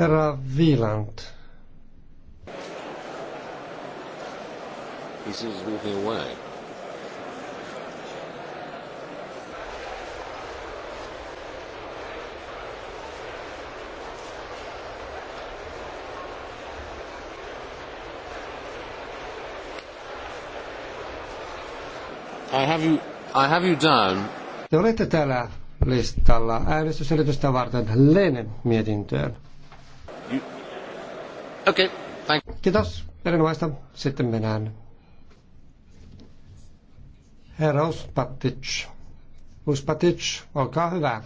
Herra Wieland. He seems walking away. I have you, I have you down. Te olette täällä listalla äänestysselitystä varten Lenen mietintöön. Okei, okay, thank Kiitos. Erinomaista. Sitten mennään. Herra Uspatic. Uspatic, olkaa hyvä.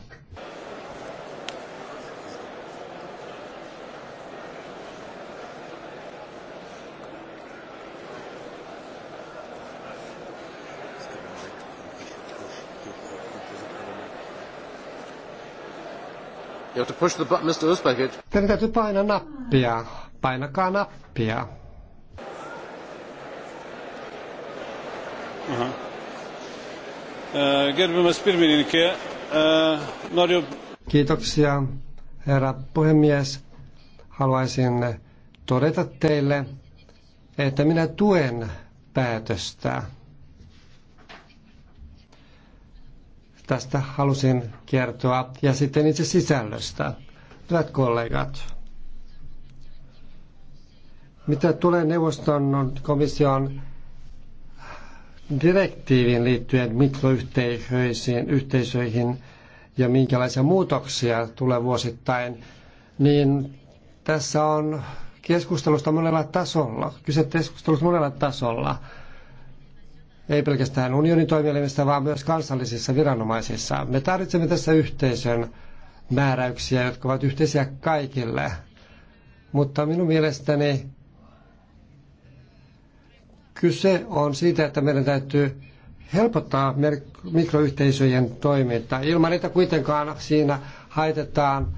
You have to push the button, Mr. Uspakic. Teidän täytyy painaa nappia painakaa nappia. Kiitoksia, herra puhemies. Haluaisin todeta teille, että minä tuen päätöstä. Tästä halusin kertoa ja sitten itse sisällöstä. Hyvät kollegat, mitä tulee neuvoston komission direktiiviin liittyen mikroyhteisöihin yhteisöihin ja minkälaisia muutoksia tulee vuosittain, niin tässä on keskustelusta monella tasolla, kyse keskustelusta monella tasolla, ei pelkästään unionin toimielimistä, vaan myös kansallisissa viranomaisissa. Me tarvitsemme tässä yhteisön määräyksiä, jotka ovat yhteisiä kaikille, mutta minun mielestäni Kyse on siitä, että meidän täytyy helpottaa mikroyhteisöjen toimintaa ilman, että kuitenkaan siinä haitetaan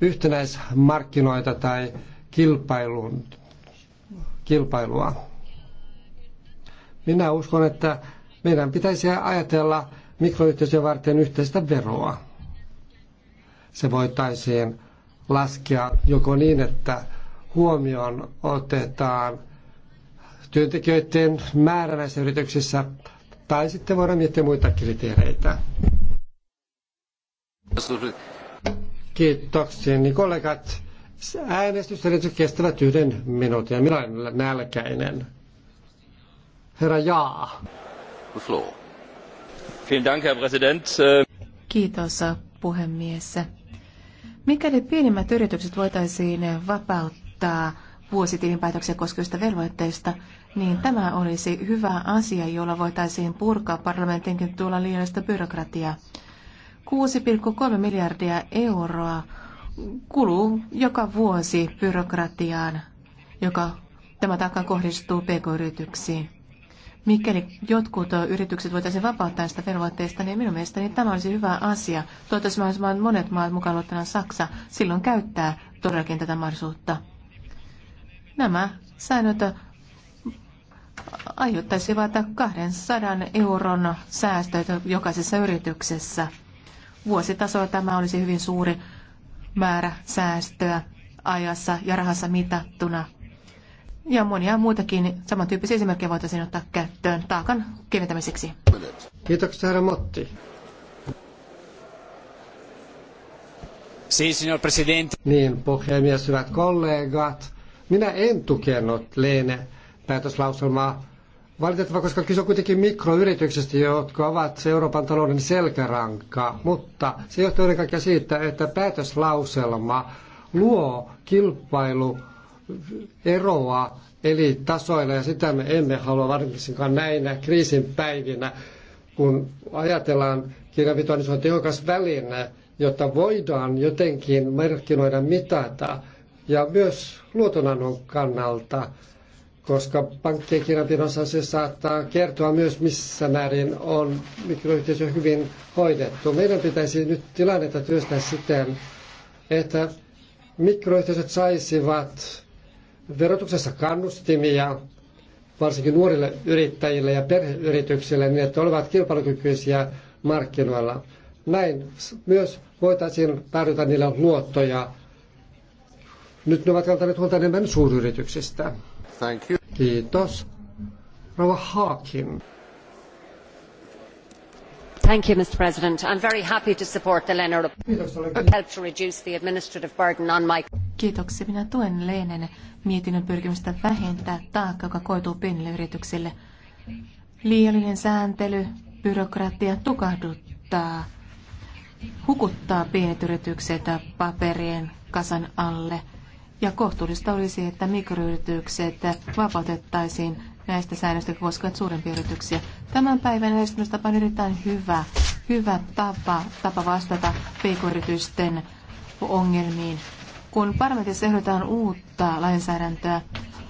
yhtenäismarkkinoita tai kilpailun, kilpailua. Minä uskon, että meidän pitäisi ajatella mikroyhteisöjen varten yhteistä veroa. Se voitaisiin laskea joko niin, että huomioon otetaan – työntekijöiden määrä näissä yrityksissä, tai sitten voidaan miettiä muita kriteereitä. Kiitoksia, niin kollegat. Äänestyselitykset kestävät yhden minuutin ja minä olen nälkäinen. Herra Jaa. Kiitos, puhemies. Mikäli pienimmät yritykset voitaisiin vapauttaa vuositilinpäätöksiä koskevista velvoitteista, niin tämä olisi hyvä asia, jolla voitaisiin purkaa parlamentinkin tuolla liiallista byrokratiaa. 6,3 miljardia euroa kuluu joka vuosi byrokratiaan, joka tämä taakka kohdistuu pk-yrityksiin. Mikäli jotkut yritykset voitaisiin vapauttaa näistä velvoitteista, niin minun mielestäni tämä olisi hyvä asia. Toivottavasti monet maat mukaan luettuna Saksa silloin käyttää todellakin tätä mahdollisuutta. Nämä säännöt aiheuttaisivat 200 euron säästöt jokaisessa yrityksessä. Vuositasolla tämä olisi hyvin suuri määrä säästöä ajassa ja rahassa mitattuna. Ja monia muitakin samantyyppisiä esimerkkejä voitaisiin ottaa käyttöön taakan keventämiseksi. Kiitoksia, herra Motti. Niin, puhemies, hyvät kollegat. Minä en tukenut Leene päätöslauselmaa valitettava, koska kyse on kuitenkin mikroyrityksistä, jotka ovat Euroopan talouden selkäranka. Mutta se johtuu ennen kaikkea siitä, että päätöslauselma luo kilpailu eroa eli tasoilla ja sitä me emme halua varsinkaan näinä kriisin päivinä, kun ajatellaan kirjanpitoa, niin se on tehokas väline, jotta voidaan jotenkin markkinoida mitata ja myös luotonannon kannalta, koska pankkien kirjanpidossa se saattaa kertoa myös, missä määrin on mikroyhteisö hyvin hoidettu. Meidän pitäisi nyt tilannetta työstää siten, että mikroyhteisöt saisivat verotuksessa kannustimia varsinkin nuorille yrittäjille ja perheyrityksille niin, että olivat kilpailukykyisiä markkinoilla. Näin myös voitaisiin tarjota niille luottoja nyt ne ovat kantaneet huolta enemmän suuryrityksistä. Thank you. Kiitos. Rauha Haakin. Thank you, Mr. President. I'm very happy to support the Leonard help to reduce the administrative burden on my... Kiitoksia. Minä tuen Leinen mietinnön pyrkimystä vähentää taakka, joka koituu pienille yrityksille. Liiallinen sääntely, byrokratia tukahduttaa, hukuttaa pienet yritykset paperien kasan alle – ja kohtuullista olisi, että mikroyritykset vapautettaisiin näistä säännöistä koskevat suurempia yrityksiä. Tämän päivän lähestymistapa on erittäin hyvä, hyvä tapa, tapa vastata pk-yritysten ongelmiin. Kun parlamentissa ehdotetaan uutta lainsäädäntöä,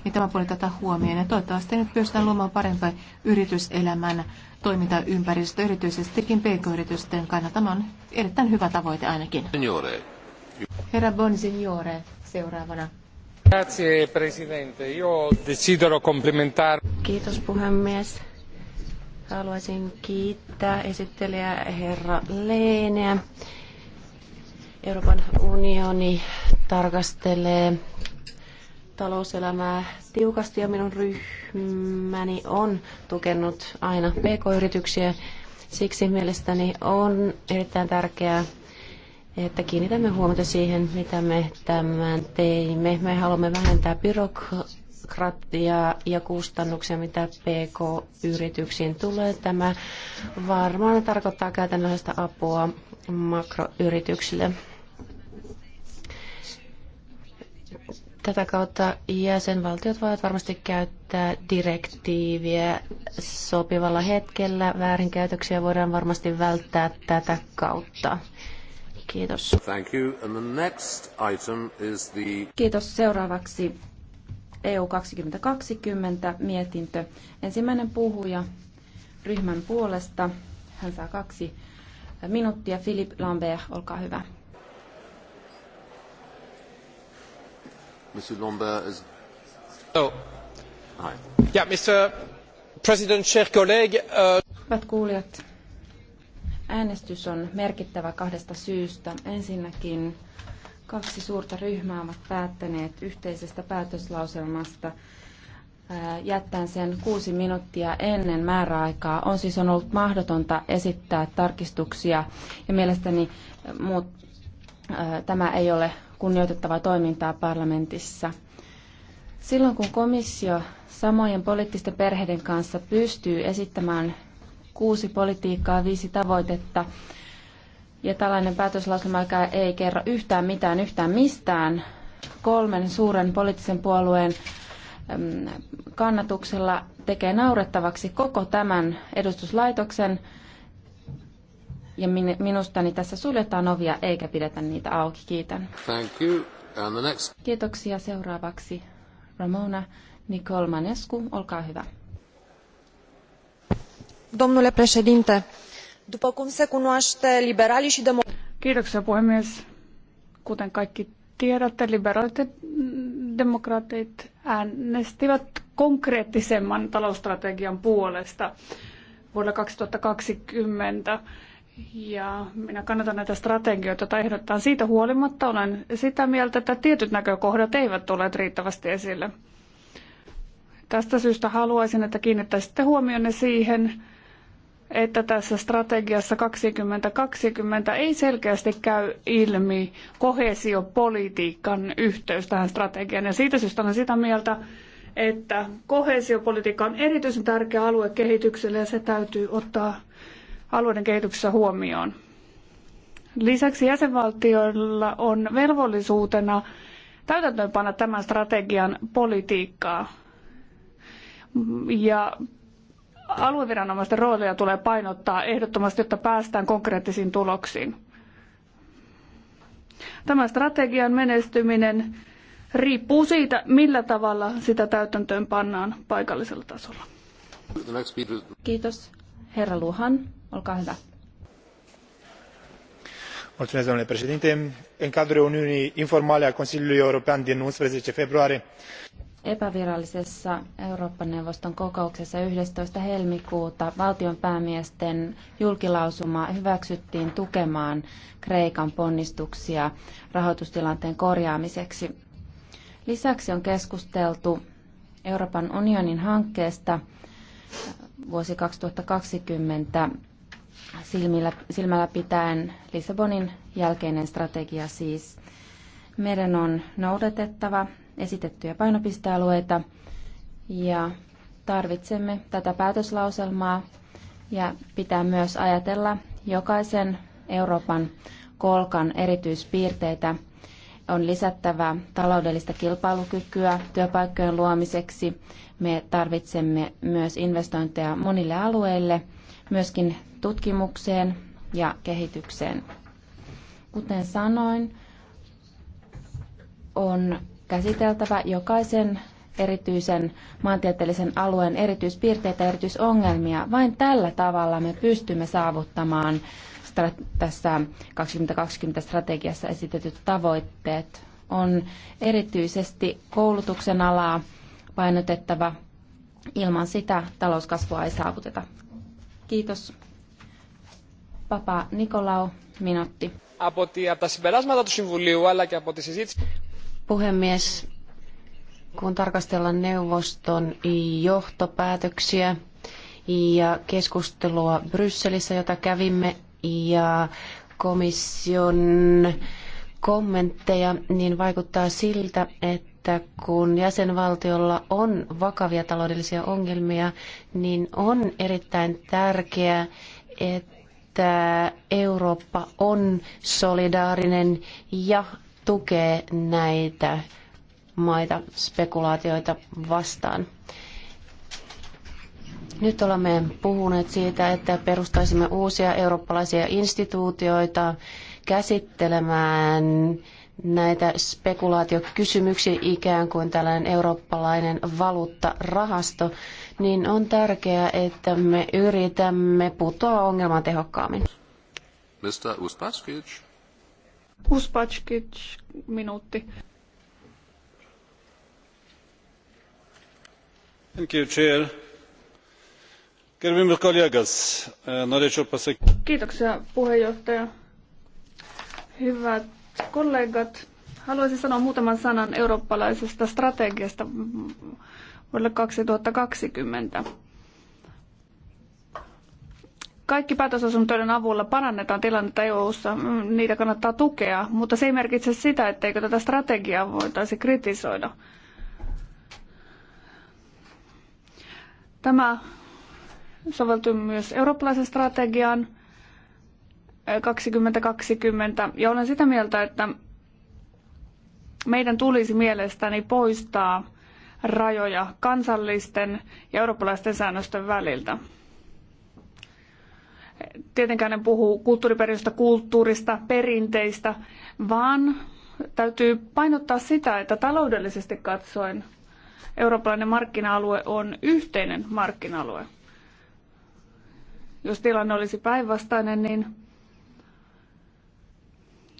niin tämä puoli tätä huomioon. Ja toivottavasti nyt pystytään luomaan parempaa yrityselämän toimintaympäristö, erityisestikin pk-yritysten kannalta. Tämä on erittäin hyvä tavoite ainakin. Senioreet. Herra Bonsignore seuraavana. Grazie, presidente. Io desidero Kiitos puhemies. Haluaisin kiittää esittelijä herra Leeneä. Euroopan unioni tarkastelee talouselämää tiukasti ja minun ryhmäni on tukenut aina pk-yrityksiä. Siksi mielestäni on erittäin tärkeää, että kiinnitämme huomiota siihen, mitä me tämän teimme. Me haluamme vähentää byrokratiaa ja kustannuksia, mitä PK-yrityksiin tulee. Tämä varmaan tarkoittaa käytännöllistä apua makroyrityksille. Tätä kautta jäsenvaltiot voivat varmasti käyttää direktiiviä sopivalla hetkellä. Väärinkäytöksiä voidaan varmasti välttää tätä kautta. Kiitos. Thank you. And the next item is the... Kiitos. Seuraavaksi EU 2020 mietintö. Ensimmäinen puhuja ryhmän puolesta. Hän saa kaksi minuuttia. Philippe Lambert, olkaa hyvä. Monsieur Lambert is... Oh. Hi. Yeah, Mr. President, chers collègues. Uh... Hyvät kuulijat, Äänestys on merkittävä kahdesta syystä. Ensinnäkin kaksi suurta ryhmää ovat päättäneet yhteisestä päätöslauselmasta jättäen sen kuusi minuuttia ennen määräaikaa. On siis on ollut mahdotonta esittää tarkistuksia ja mielestäni muut, tämä ei ole kunnioitettavaa toimintaa parlamentissa. Silloin kun komissio samojen poliittisten perheiden kanssa pystyy esittämään kuusi politiikkaa, viisi tavoitetta. Ja tällainen päätöslauselma, joka ei kerro yhtään mitään yhtään mistään, kolmen suuren poliittisen puolueen kannatuksella tekee naurettavaksi koko tämän edustuslaitoksen. Ja niin tässä suljetaan ovia eikä pidetä niitä auki. Kiitän. Thank you. And the next... Kiitoksia. Seuraavaksi Ramona Nicole Manescu, olkaa hyvä. Domnule președinte, după cum se cunoaște, liberalii și Kiitoksia puhemies. Kuten kaikki tiedätte, liberaalit ja demokraatit äänestivät konkreettisemman talousstrategian puolesta vuodelle 2020. Ja minä kannatan näitä strategioita tai ehdotetaan siitä huolimatta. Olen sitä mieltä, että tietyt näkökohdat eivät tule riittävästi esille. Tästä syystä haluaisin, että kiinnittäisitte huomionne siihen, että tässä strategiassa 2020 ei selkeästi käy ilmi kohesiopolitiikan yhteys tähän strategiaan. Ja siitä syystä olen sitä mieltä, että kohesiopolitiikka on erityisen tärkeä alue kehitykselle ja se täytyy ottaa alueiden kehityksessä huomioon. Lisäksi jäsenvaltioilla on velvollisuutena täytäntöönpanna tämän strategian politiikkaa. Ja alueviranomaisten roolia tulee painottaa ehdottomasti, jotta päästään konkreettisiin tuloksiin. Tämä strategian menestyminen riippuu siitä, millä tavalla sitä täytäntöön pannaan paikallisella tasolla. Kiitos. Herra Luhan, olkaa hyvä. în cadrul reuniunii informale a consiliului european din unsprezece februarie epävirallisessa Eurooppa-neuvoston kokouksessa 11. helmikuuta valtion päämiesten julkilausuma hyväksyttiin tukemaan Kreikan ponnistuksia rahoitustilanteen korjaamiseksi. Lisäksi on keskusteltu Euroopan unionin hankkeesta vuosi 2020 silmillä, silmällä pitäen Lissabonin jälkeinen strategia siis. Meidän on noudatettava esitettyjä painopistealueita ja tarvitsemme tätä päätöslauselmaa ja pitää myös ajatella jokaisen Euroopan kolkan erityispiirteitä. On lisättävä taloudellista kilpailukykyä työpaikkojen luomiseksi. Me tarvitsemme myös investointeja monille alueille, myöskin tutkimukseen ja kehitykseen. Kuten sanoin, on käsiteltävä jokaisen erityisen maantieteellisen alueen erityispiirteitä ja erityisongelmia. Vain tällä tavalla me pystymme saavuttamaan tässä 2020-strategiassa esitetyt tavoitteet. On erityisesti koulutuksen alaa painotettava. Ilman sitä talouskasvua ei saavuteta. Kiitos. Papa Nikolau, minuutti. Από τα συμπεράσματα του Συμβουλίου αλλά και από τη συζήτηση puhemies. Kun tarkastellaan neuvoston johtopäätöksiä ja keskustelua Brysselissä, jota kävimme, ja komission kommentteja, niin vaikuttaa siltä, että kun jäsenvaltiolla on vakavia taloudellisia ongelmia, niin on erittäin tärkeää, että Eurooppa on solidaarinen ja tukee näitä maita spekulaatioita vastaan. Nyt olemme puhuneet siitä, että perustaisimme uusia eurooppalaisia instituutioita käsittelemään näitä spekulaatiokysymyksiä ikään kuin tällainen eurooppalainen valuuttarahasto, niin on tärkeää, että me yritämme puuttua ongelmaan tehokkaammin. Mr. Uspaskic. Uspatskic, minuutti. Thank you, Chair. Gerbiamas kollegas, eh, norėčiau Kiitoksia puheenjohtaja. Hyvät kollegat, haluaisin sanoa muutaman sanan eurooppalaisesta strategiasta vuodelle 2020 kaikki päätösasuntoiden avulla parannetaan tilannetta EU-ssa, mm, niitä kannattaa tukea, mutta se ei merkitse sitä, etteikö tätä strategiaa voitaisi kritisoida. Tämä soveltuu myös eurooppalaisen strategiaan 2020, eh, ja olen sitä mieltä, että meidän tulisi mielestäni poistaa rajoja kansallisten ja eurooppalaisten säännösten väliltä tietenkään en puhu kulttuuriperinnöstä, kulttuurista, perinteistä, vaan täytyy painottaa sitä, että taloudellisesti katsoen eurooppalainen markkina-alue on yhteinen markkina-alue. Jos tilanne olisi päinvastainen, niin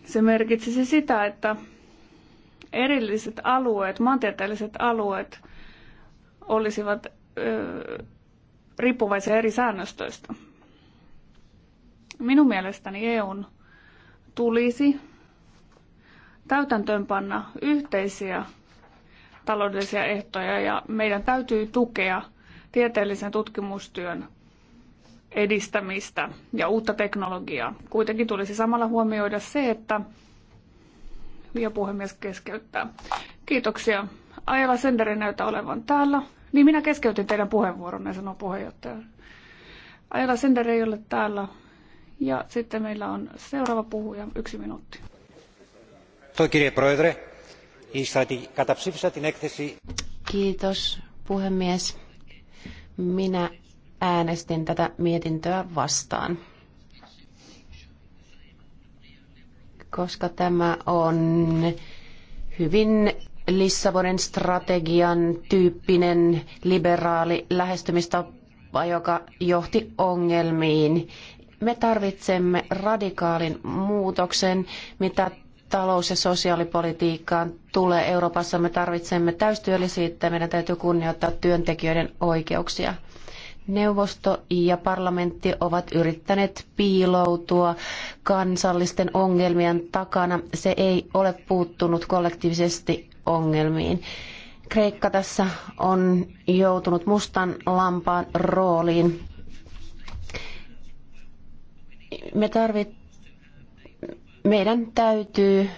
se merkitsisi sitä, että erilliset alueet, maantieteelliset alueet olisivat ö, riippuvaisia eri säännöstöistä. Minun mielestäni EUn tulisi täytäntöönpanna yhteisiä taloudellisia ehtoja ja meidän täytyy tukea tieteellisen tutkimustyön edistämistä ja uutta teknologiaa. Kuitenkin tulisi samalla huomioida se, että ja puhemies keskeyttää. Kiitoksia. Ajala Senderi näyttää olevan täällä. Niin minä keskeytin teidän puheenvuoronne, sanoo puheenjohtaja. Ajala Senderi ei ole täällä. Ja sitten meillä on seuraava puhuja, yksi minuutti. Niin niin Kiitos puhemies. Minä äänestin tätä mietintöä vastaan, koska tämä on hyvin Lissabonin strategian tyyppinen liberaali lähestymistapa, joka johti ongelmiin me tarvitsemme radikaalin muutoksen, mitä talous- ja sosiaalipolitiikkaan tulee Euroopassa. Me tarvitsemme täystyöllisyyttä, meidän täytyy kunnioittaa työntekijöiden oikeuksia. Neuvosto ja parlamentti ovat yrittäneet piiloutua kansallisten ongelmien takana. Se ei ole puuttunut kollektiivisesti ongelmiin. Kreikka tässä on joutunut mustan lampaan rooliin me tarvit, meidän täytyy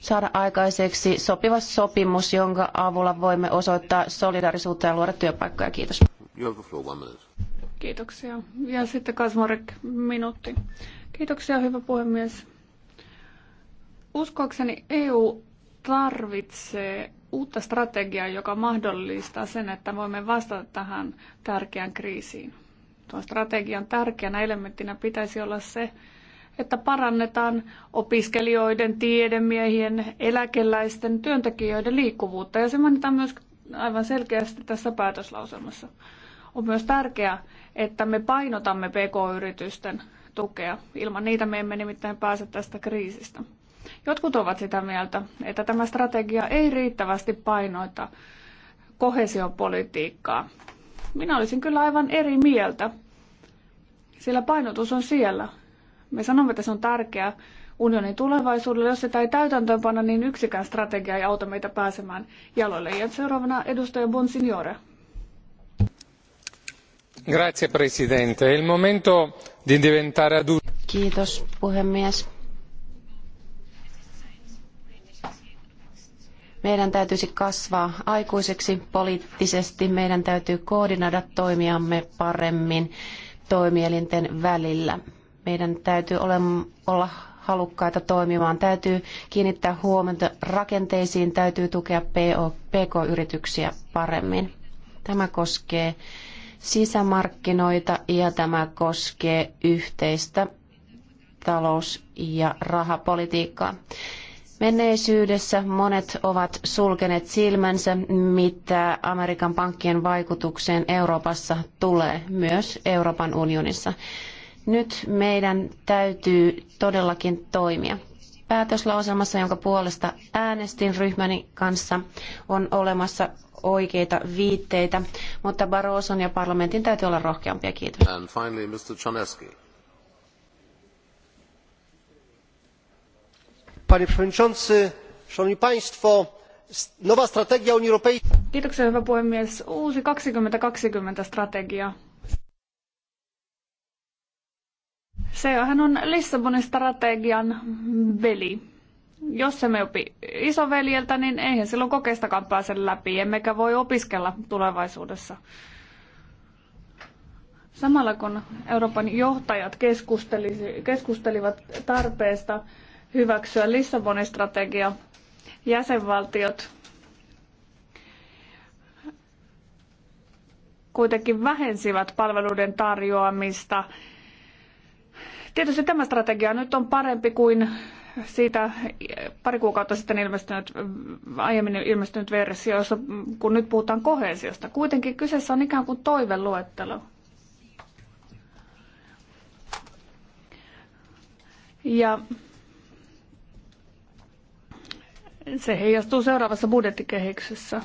saada aikaiseksi sopiva sopimus, jonka avulla voimme osoittaa solidaarisuutta ja luoda työpaikkoja. Kiitos. Kiitoksia. Ja sitten Kasmarek, minuutti. Kiitoksia, hyvä puhemies. Uskoakseni EU tarvitsee uutta strategiaa, joka mahdollistaa sen, että voimme vastata tähän tärkeään kriisiin tuon strategian tärkeänä elementtinä pitäisi olla se, että parannetaan opiskelijoiden, tiedemiehien, eläkeläisten, työntekijöiden liikkuvuutta. Ja se mainitaan myös aivan selkeästi tässä päätöslauselmassa. On myös tärkeää, että me painotamme pk-yritysten tukea. Ilman niitä me emme nimittäin pääse tästä kriisistä. Jotkut ovat sitä mieltä, että tämä strategia ei riittävästi painoita kohesiopolitiikkaa minä olisin kyllä aivan eri mieltä, sillä painotus on siellä. Me sanomme, että se on tärkeä unionin tulevaisuudelle. Jos sitä ei täytäntöönpanna, niin yksikään strategia ei auta meitä pääsemään jaloille. Ja seuraavana edustaja Bonsignore. Grazie Presidente. Il momento di diventare adulti. Kiitos puhemies Meidän täytyisi kasvaa aikuiseksi poliittisesti, meidän täytyy koordinoida toimiamme paremmin toimielinten välillä. Meidän täytyy olla halukkaita toimimaan, täytyy kiinnittää huomiota rakenteisiin, täytyy tukea PK-yrityksiä paremmin. Tämä koskee sisämarkkinoita ja tämä koskee yhteistä talous- ja rahapolitiikkaa. Menneisyydessä monet ovat sulkeneet silmänsä, mitä Amerikan pankkien vaikutukseen Euroopassa tulee, myös Euroopan unionissa. Nyt meidän täytyy todellakin toimia. Päätöslauselmassa, jonka puolesta äänestin ryhmäni kanssa, on olemassa oikeita viitteitä, mutta Barroson ja parlamentin täytyy olla rohkeampia. Kiitos. And finally, Mr. panie przewodniczący! szanowni państwo! nowa strategia unii europejskiej. kiitoksia hyvä puhemies uusi kaksituhatta sehän on lissabonin strategian veli. jos emme opi isoveljeltä niin eihän silloin kokeistakaan pääse läpi emmekä voi opiskella tulevaisuudessa. Samalla kun Euroopan johtajat keskustelivat tarpeesta hyväksyä Lissabonin strategia. Jäsenvaltiot kuitenkin vähensivät palveluiden tarjoamista. Tietysti tämä strategia nyt on parempi kuin siitä pari kuukautta sitten ilmestynyt, aiemmin ilmestynyt versio, jossa, kun nyt puhutaan kohesiosta. Kuitenkin kyseessä on ikään kuin toiveluettelo. Ja se heijastuu seuraavassa budjettikehyksessä.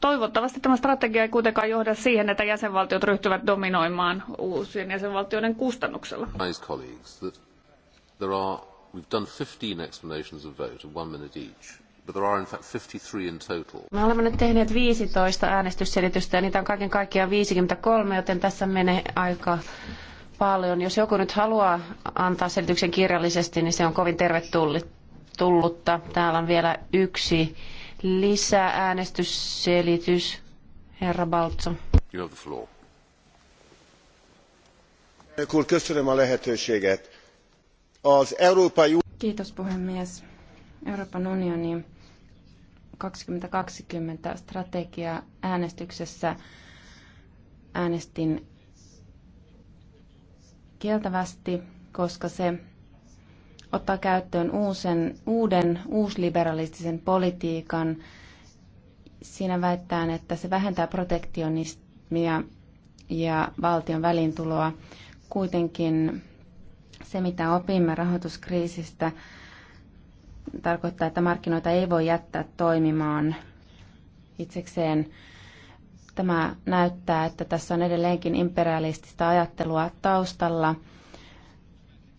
Toivottavasti tämä strategia ei kuitenkaan johda siihen, että jäsenvaltiot ryhtyvät dominoimaan uusien jäsenvaltioiden kustannuksella. Me olemme nyt tehneet 15 äänestysselitystä ja niitä on kaiken kaikkiaan 53, joten tässä menee aika paljon. Jos joku nyt haluaa antaa selityksen kirjallisesti, niin se on kovin tervetullutta. Täällä on vielä yksi lisääänestysselitys. Herra Baltso. You have the floor. Kiitos puhemies. Euroopan unioni 2020 strategia äänestyksessä äänestin kieltävästi, koska se ottaa käyttöön uusen, uuden uusliberalistisen politiikan. Siinä väittään, että se vähentää protektionismia ja valtion välintuloa. Kuitenkin se, mitä opimme rahoituskriisistä, tarkoittaa, että markkinoita ei voi jättää toimimaan itsekseen Tämä näyttää, että tässä on edelleenkin imperialistista ajattelua taustalla.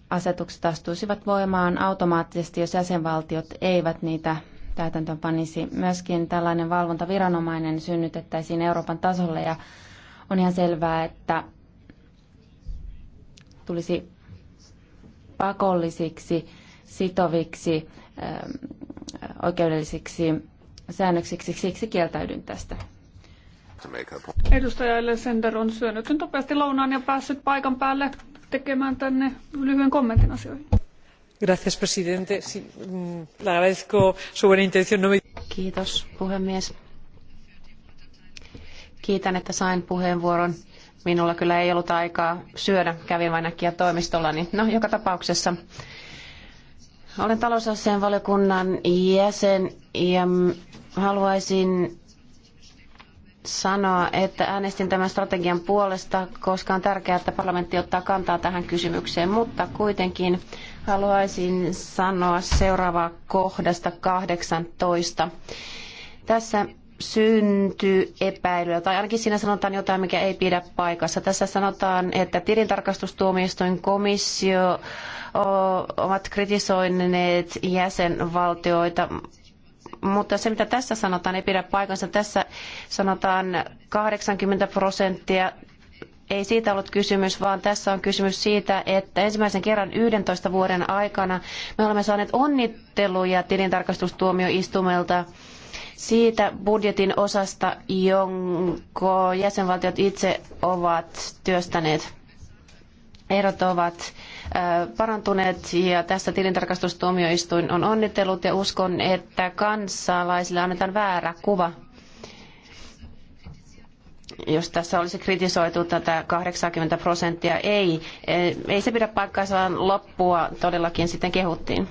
Asetukset astuisivat voimaan automaattisesti, jos jäsenvaltiot eivät niitä täytäntöön panisi. Myöskin tällainen valvontaviranomainen synnytettäisiin Euroopan tasolle ja on ihan selvää, että tulisi pakollisiksi, sitoviksi, ähm, oikeudellisiksi säännöksiksi. Siksi kieltäydyn tästä. Edustaja Lessender on syönyt nyt nopeasti lounaan ja päässyt paikan päälle tekemään tänne lyhyen kommentin asioihin. Gracias, presidente. Sí, mm, le agradezco su buena intención. No me... Kiitos, puhemies. Kiitän, että sain puheenvuoron. Minulla kyllä ei ollut aikaa syödä, kävin vain äkkiä niin No, joka tapauksessa olen talousasian valiokunnan jäsen ja haluaisin sanoa, että äänestin tämän strategian puolesta, koska on tärkeää, että parlamentti ottaa kantaa tähän kysymykseen, mutta kuitenkin haluaisin sanoa seuraavaa kohdasta 18. Tässä syntyy epäilyä, tai ainakin siinä sanotaan jotain, mikä ei pidä paikassa. Tässä sanotaan, että tilintarkastustuomioistuin komissio ovat kritisoineet jäsenvaltioita mutta se mitä tässä sanotaan ei pidä paikansa. Tässä sanotaan 80 prosenttia ei siitä ollut kysymys, vaan tässä on kysymys siitä, että ensimmäisen kerran 11 vuoden aikana me olemme saaneet onnitteluja tilintarkastustuomioistumelta siitä budjetin osasta, jonka jäsenvaltiot itse ovat työstäneet erot ovat parantuneet ja tässä tilintarkastustuomioistuin on onnitellut ja uskon, että kansalaisille annetaan väärä kuva, jos tässä olisi kritisoitu tätä 80 prosenttia. Ei, e, ei se pidä paikkaansa, vaan loppua todellakin sitten kehuttiin.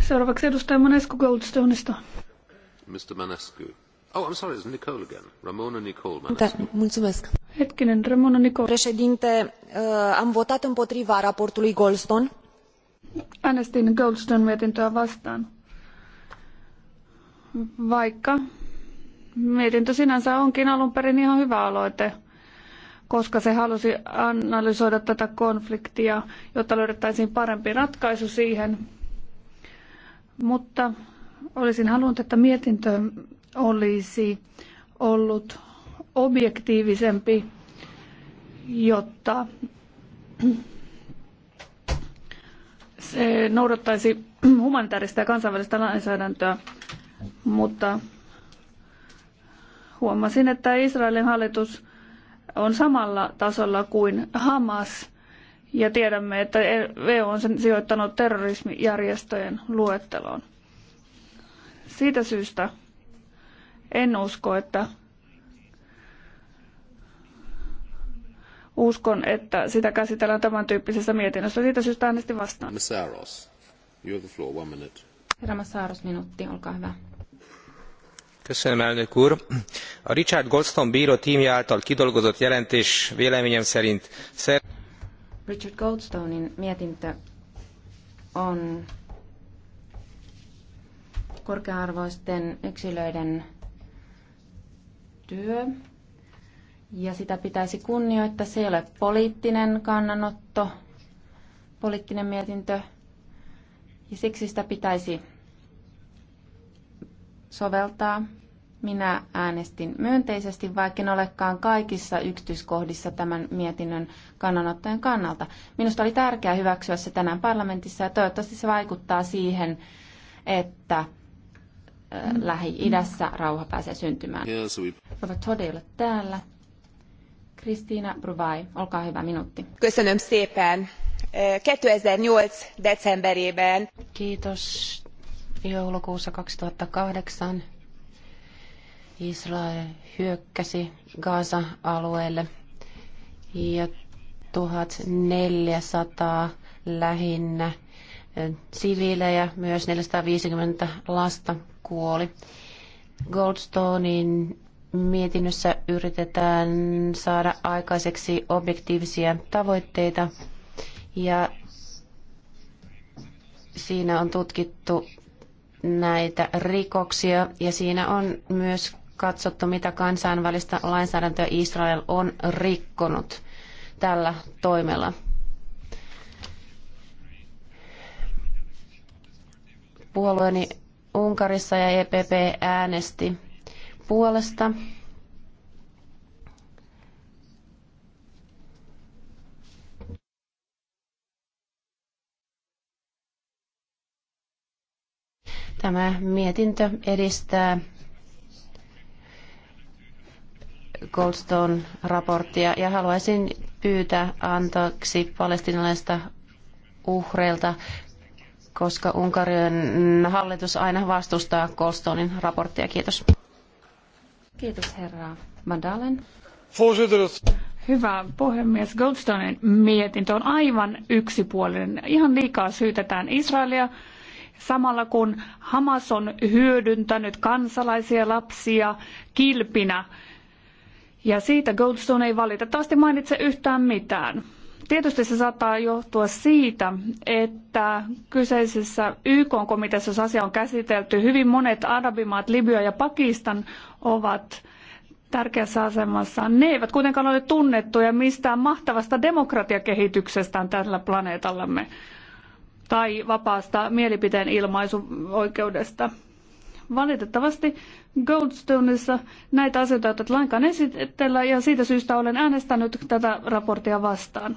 Seuraavaksi edustaja Manescu Goldstoneista. Mr. Manescu. Oh, I'm sorry, it's Nicole again. Ramona Nicole, da, mulțumesc. Hetkinen, Ramona Nicole. Președinte, uh, am votat împotriva raportului Goldstone. Äänestin Goldstone mietintöä vastaan. Vaikka mietintö sinänsä onkin alun perin ihan hyvä aloite, koska se halusi analysoida tätä konfliktia, jotta löydettäisiin parempi ratkaisu siihen. Mutta olisin halunnut, että mietintö olisi ollut objektiivisempi, jotta se noudattaisi humanitaarista ja kansainvälistä lainsäädäntöä, mutta huomasin, että Israelin hallitus on samalla tasolla kuin Hamas, ja tiedämme, että EU on sen sijoittanut terrorismijärjestöjen luetteloon. Siitä syystä en usko, että uskon, että sitä käsitellään tämän tyyppisessä mietinnössä. Siitä syystä äänestin vastaan. Masaros, you have the floor, one minute. Herra Masaros, minuutti, olkaa hyvä. Köszönöm, elnök úr. A Richard Goldstone bíró tímje által kidolgozott jelentés véleményem szerint... Szer... Richard Goldstonein mietintö on korkea-arvoisten yksilöiden työ ja sitä pitäisi kunnioittaa. Se ei ole poliittinen kannanotto, poliittinen mietintö ja siksi sitä pitäisi soveltaa. Minä äänestin myönteisesti, vaikka en olekaan kaikissa yksityiskohdissa tämän mietinnön kannanottojen kannalta. Minusta oli tärkeää hyväksyä se tänään parlamentissa ja toivottavasti se vaikuttaa siihen, että Lähi-idässä rauha pääsee syntymään. Ovat todella täällä. Kristiina Bruvai, olkaa hyvä, minuutti. Köszönöm szépen. 2008 decemberében. Kiitos. Joulukuussa 2008 Israel hyökkäsi Gaza-alueelle ja 1400 lähinnä eh, siviilejä, myös 450 lasta kuoli. Goldstonein mietinnössä yritetään saada aikaiseksi objektiivisia tavoitteita ja siinä on tutkittu näitä rikoksia ja siinä on myös katsottu, mitä kansainvälistä lainsäädäntöä Israel on rikkonut tällä toimella. Puolueeni Unkarissa ja EPP äänesti puolesta. Tämä mietintö edistää Goldstone-raporttia ja haluaisin pyytää anteeksi palestinalaista uhreilta koska Unkarin hallitus aina vastustaa Goldstonein raporttia. Kiitos. Kiitos herra Madalen. Hyvä puhemies. Goldstonein mietintö on aivan yksipuolinen. Ihan liikaa syytetään Israelia samalla kun Hamas on hyödyntänyt kansalaisia lapsia kilpinä. Ja siitä Goldstone ei valitettavasti mainitse yhtään mitään. Tietysti se saattaa johtua siitä, että kyseisessä YK-komiteassa, jossa asia on käsitelty, hyvin monet arabimaat, Libya ja Pakistan ovat tärkeässä asemassa. Ne eivät kuitenkaan ole tunnettuja mistään mahtavasta demokratiakehityksestään tällä planeetallamme tai vapaasta mielipiteen ilmaisuoikeudesta. Valitettavasti Goldstoneissa näitä asioita ei lainkaan esitellä ja siitä syystä olen äänestänyt tätä raporttia vastaan.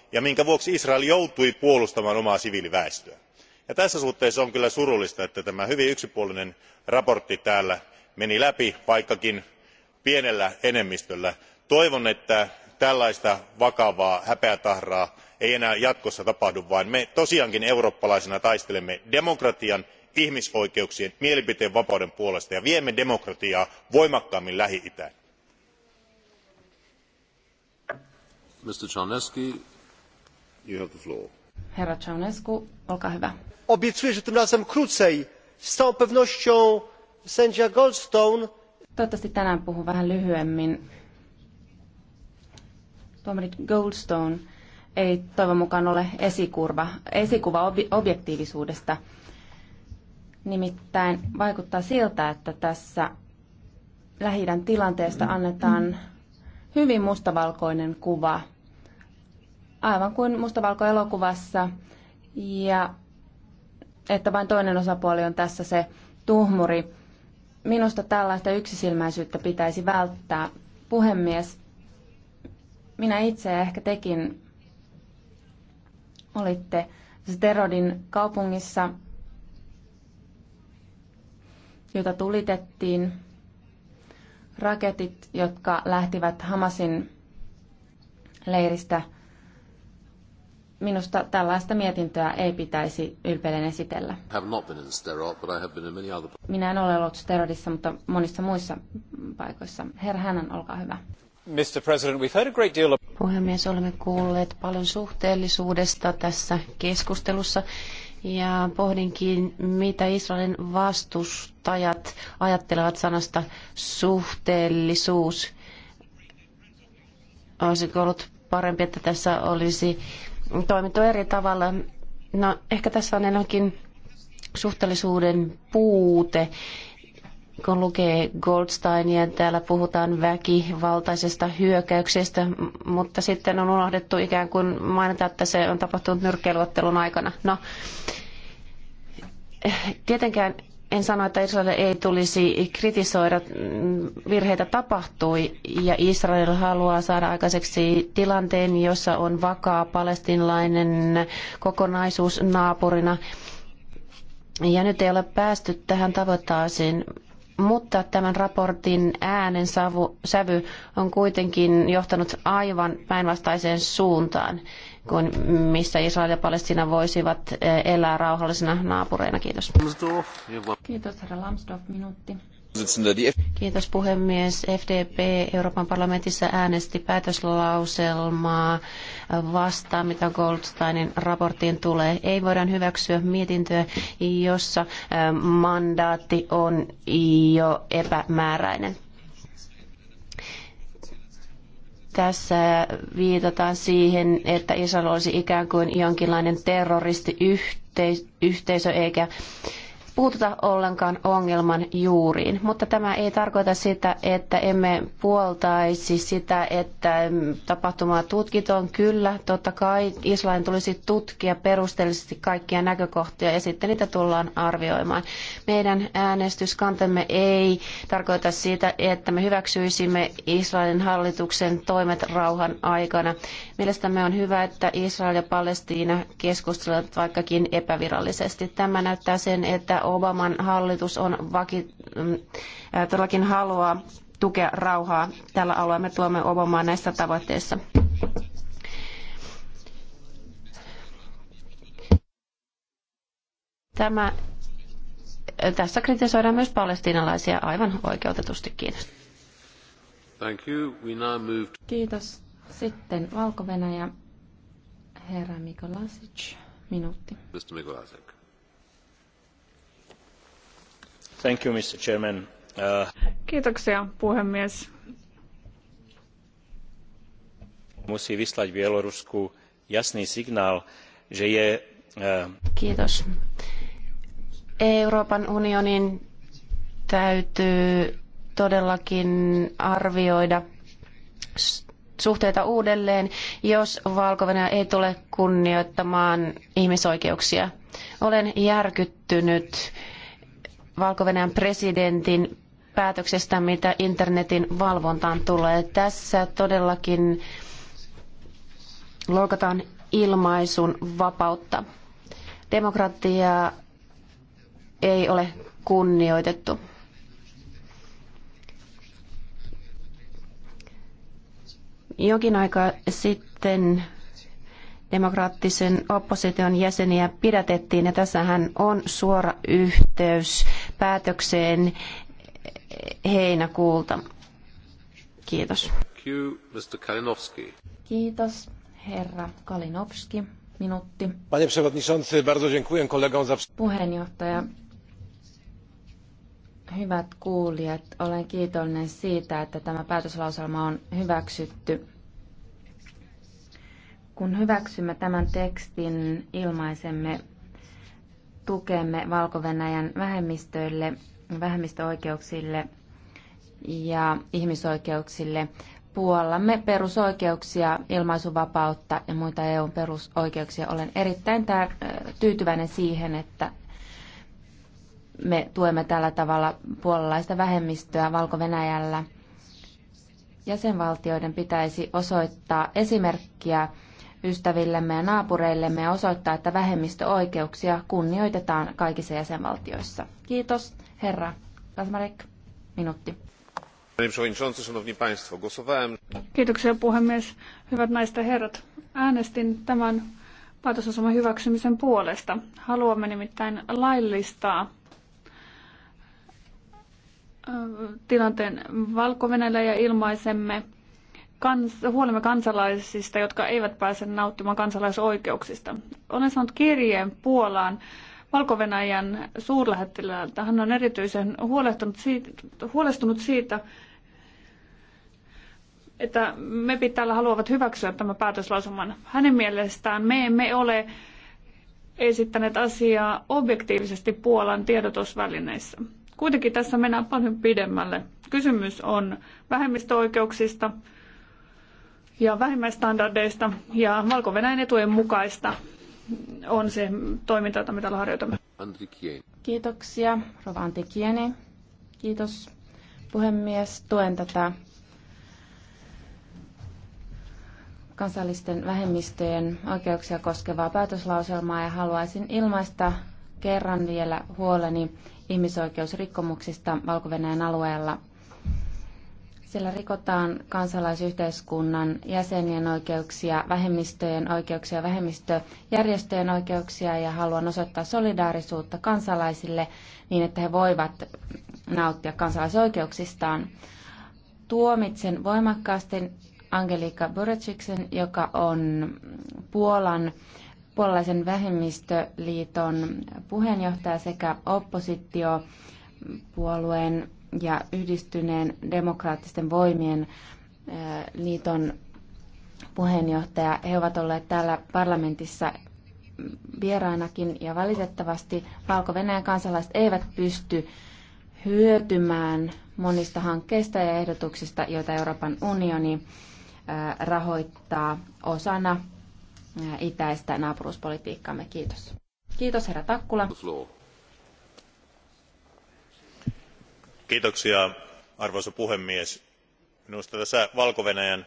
ja minkä vuoksi israel joutui puolustamaan omaa siviiliväestöään. tässä suhteessa on kyllä surullista että tämä hyvin yksipuolinen mietintö täällä meni läpi vaikkakin pienellä enemmistöllä. toivon että tällaista vakavaa häpeätahraa ei enää jatkossa tapahdu vaan me tosiaankin eurooppalaisina taistelemme demokratian ihmisoikeuksien mielipiteenvapauden puolesta ja viemme demokratiaa voimakkaammin lähi itään. Herra hyvä. Obiecuję, że tym razem krócej. Z całą pewnością sędzia Goldstone... Toivottavasti tänään puhun vähän lyhyemmin. Tuomari Goldstone ei toivon mukaan ole esikurva, esikuva ob, objektiivisuudesta. Nimittäin vaikuttaa siltä, että tässä lähi tilanteesta annetaan hyvin mustavalkoinen kuva aivan kuin mustavalkoelokuvassa ja että vain toinen osapuoli on tässä se tuhmuri. Minusta tällaista yksisilmäisyyttä pitäisi välttää. Puhemies, minä itse ehkä tekin olitte Sterodin kaupungissa, jota tulitettiin. Raketit, jotka lähtivät Hamasin leiristä minusta tällaista mietintöä ei pitäisi ylpeilen esitellä. Minä en ole ollut steroidissa, mutta monissa muissa paikoissa. Herra Hänen, olkaa hyvä. Mr. President, we've heard a great deal of... Puhemies, olemme kuulleet paljon suhteellisuudesta tässä keskustelussa ja pohdinkin, mitä Israelin vastustajat ajattelevat sanasta suhteellisuus. Olisiko ollut parempi, että tässä olisi toimittu eri tavalla. No ehkä tässä on enemmänkin suhteellisuuden puute, kun lukee Goldsteinia, täällä puhutaan väkivaltaisesta hyökkäyksestä, mutta sitten on unohdettu ikään kuin mainita, että se on tapahtunut nyrkkeiluottelun aikana. No, tietenkään en sano, että Israelia ei tulisi kritisoida. Mm, virheitä tapahtui ja Israel haluaa saada aikaiseksi tilanteen, jossa on vakaa palestinlainen kokonaisuus naapurina. Ja nyt ei ole päästy tähän tavoitteeseen, mutta tämän raportin äänen sävy on kuitenkin johtanut aivan päinvastaiseen suuntaan kuin missä Israel ja Palestina voisivat eh, elää rauhallisina naapureina. Kiitos. Kiitos, herra Lambsdorff, minuutti. Kiitos puhemies. FDP Euroopan parlamentissa äänesti päätöslauselmaa vastaan, mitä Goldsteinin raporttiin tulee. Ei voida hyväksyä mietintöä, jossa eh, mandaatti on jo epämääräinen. Tässä viitataan siihen, että Israel olisi ikään kuin jonkinlainen terroristiyhteisö eikä puututa ollenkaan ongelman juuriin. Mutta tämä ei tarkoita sitä, että emme puoltaisi sitä, että tapahtumaa tutkitaan. Kyllä, totta kai Israelin tulisi tutkia perusteellisesti kaikkia näkökohtia ja sitten niitä tullaan arvioimaan. Meidän äänestyskantemme ei tarkoita sitä, että me hyväksyisimme Israelin hallituksen toimet rauhan aikana. Mielestämme on hyvä, että Israel ja Palestiina keskustelevat vaikkakin epävirallisesti. Tämä näyttää sen, että Obaman hallitus on vaki, mm, äh, todellakin haluaa tukea rauhaa tällä alueella. Me tuomme Obamaa näissä tavoitteissa. Tämä, äh, tässä kritisoidaan myös palestiinalaisia aivan oikeutetusti. Kiitos. Thank you. We now Kiitos. Sitten valko -Venäjä. Herra Mikolasic, minuutti. Mr. Mikolasic. arvoisa uh, Kiitoksia, puhemies. Musí vyslať Bielorusku jasný signál, že je... Uh, Euroopan unionin täytyy todellakin arvioida suhteita uudelleen, jos valko ei tule kunnioittamaan ihmisoikeuksia. Olen järkyttynyt valko presidentin päätöksestä, mitä internetin valvontaan tulee. Tässä todellakin loukataan ilmaisun vapautta. Demokratiaa ei ole kunnioitettu. Jokin aika sitten demokraattisen opposition jäseniä pidätettiin ja tässähän on suora yhteys päätökseen heinäkuulta. Kiitos. Kiitos, herra Kalinowski. Minuutti. Panie przewodniczący, bardzo dziękuję kolegom za... Puheenjohtaja, hyvät kuulijat, olen kiitollinen siitä, että tämä päätöslauselma on hyväksytty. Kun hyväksymme tämän tekstin, ilmaisemme tukemme Valko-Venäjän vähemmistöille, vähemmistöoikeuksille ja ihmisoikeuksille. Puollamme perusoikeuksia, ilmaisuvapautta ja muita EUn perusoikeuksia. Olen erittäin tyytyväinen siihen, että me tuemme tällä tavalla puolalaista vähemmistöä Valko-Venäjällä. Jäsenvaltioiden pitäisi osoittaa esimerkkiä ystävillemme ja naapureillemme ja osoittaa, että vähemmistöoikeuksia kunnioitetaan kaikissa jäsenvaltioissa. Kiitos, herra Kasmarek. Minuutti. Kiitoksia puhemies. Hyvät naiset ja herrat, äänestin tämän päätösaseman hyväksymisen puolesta. Haluamme nimittäin laillistaa tilanteen valko ja ilmaisemme kans, huolemme kansalaisista, jotka eivät pääse nauttimaan kansalaisoikeuksista. Olen saanut kirjeen Puolaan valko suurlähettiläältä. Hän on erityisen huolestunut siitä, huolestunut siitä, että mepit täällä haluavat hyväksyä tämän päätöslausuman. Hänen mielestään me emme ole esittäneet asiaa objektiivisesti Puolan tiedotusvälineissä. Kuitenkin tässä mennään paljon pidemmälle. Kysymys on vähemmistöoikeuksista, ja vähimmäistandardeista ja valko etujen mukaista on se toiminta, jota me täällä harjoitamme. Kiitoksia, Rova Antikieni. Kiitos, puhemies. Tuen tätä kansallisten vähemmistöjen oikeuksia koskevaa päätöslauselmaa ja haluaisin ilmaista kerran vielä huoleni ihmisoikeusrikkomuksista valko alueella sillä rikotaan kansalaisyhteiskunnan jäsenien oikeuksia, vähemmistöjen oikeuksia, vähemmistöjärjestöjen oikeuksia ja haluan osoittaa solidaarisuutta kansalaisille niin, että he voivat nauttia kansalaisoikeuksistaan. Tuomitsen voimakkaasti Angelika Boreciksen, joka on Puolan puolalaisen vähemmistöliiton puheenjohtaja sekä oppositiopuolueen ja yhdistyneen demokraattisten voimien liiton puheenjohtaja. He ovat olleet täällä parlamentissa vieraanakin ja valitettavasti valko venäjän kansalaiset eivät pysty hyötymään monista hankkeista ja ehdotuksista, joita Euroopan unioni rahoittaa osana itäistä naapuruuspolitiikkaamme. Kiitos. Kiitos herra Takkula. arvoisa puhemies minusta tässä valko venäjän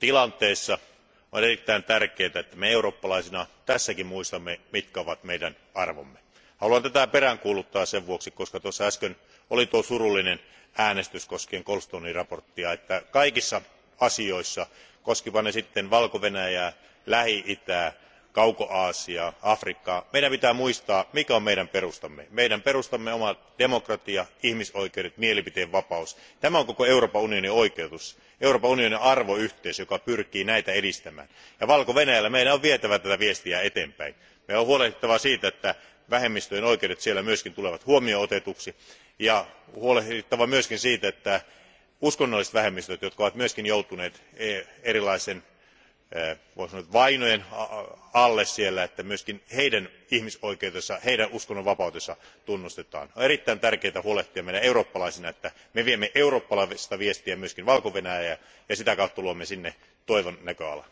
tilanteessa on erittäin tärkeää että me eurooppalaisina tässäkin muistamme mitkä ovat meidän arvomme. haluan tätä peräänkuuluttaa sen vuoksi koska tuossa äsken oli tuo surullinen äänestys koskien goldstonen mietintöä että kaikissa asioissa koskivat ne sitten valko venäjää lähi itää kauko aasia afrikka meidän pitää muistaa mikä on meidän perustamme. meidän perustamme on demokratia ihmisoikeudet mielipiteenvapaus. tämä on koko euroopan unionin oikeutus euroopan unionin arvoyhteisö joka pyrkii näitä edistämään. valko venäjällä meidän on vietävä tätä viestiä eteenpäin. meidän on huolehdittava siitä että vähemmistöjen oikeudet siellä myös tulevat huomioon otetuiksi ja huolehdittava myös siitä että uskonnolliset vähemmistöt jotka ovat myös joutuneet e- erilaisen voi sanoa vainojen alle siellä että myös heidän ihmisoikeutensa heidän uskonnonvapautensa tunnustetaan. on erittäin tärkeää huolehtia meidän eurooppalaisina että me viemme eurooppalaista viestiä myös valko venäjälle ja sitä kautta luomme sinne toivon näköalaa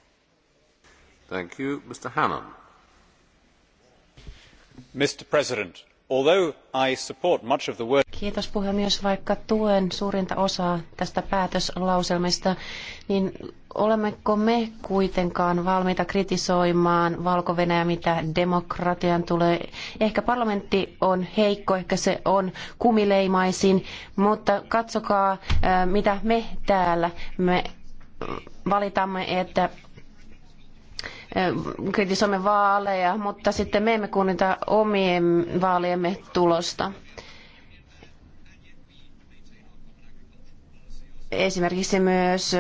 although I support much of the work... Kiitos puhemies. Vaikka tuen suurinta osaa tästä päätöslauselmista, niin olemmeko me kuitenkaan valmiita kritisoimaan valko mitä demokratian tulee? Ehkä parlamentti on heikko, ehkä se on kumileimaisin, mutta katsokaa, mitä me täällä me valitamme, että kritisoimme vaaleja, mutta sitten me emme kunnita omien vaaliemme tulosta. Esimerkiksi myös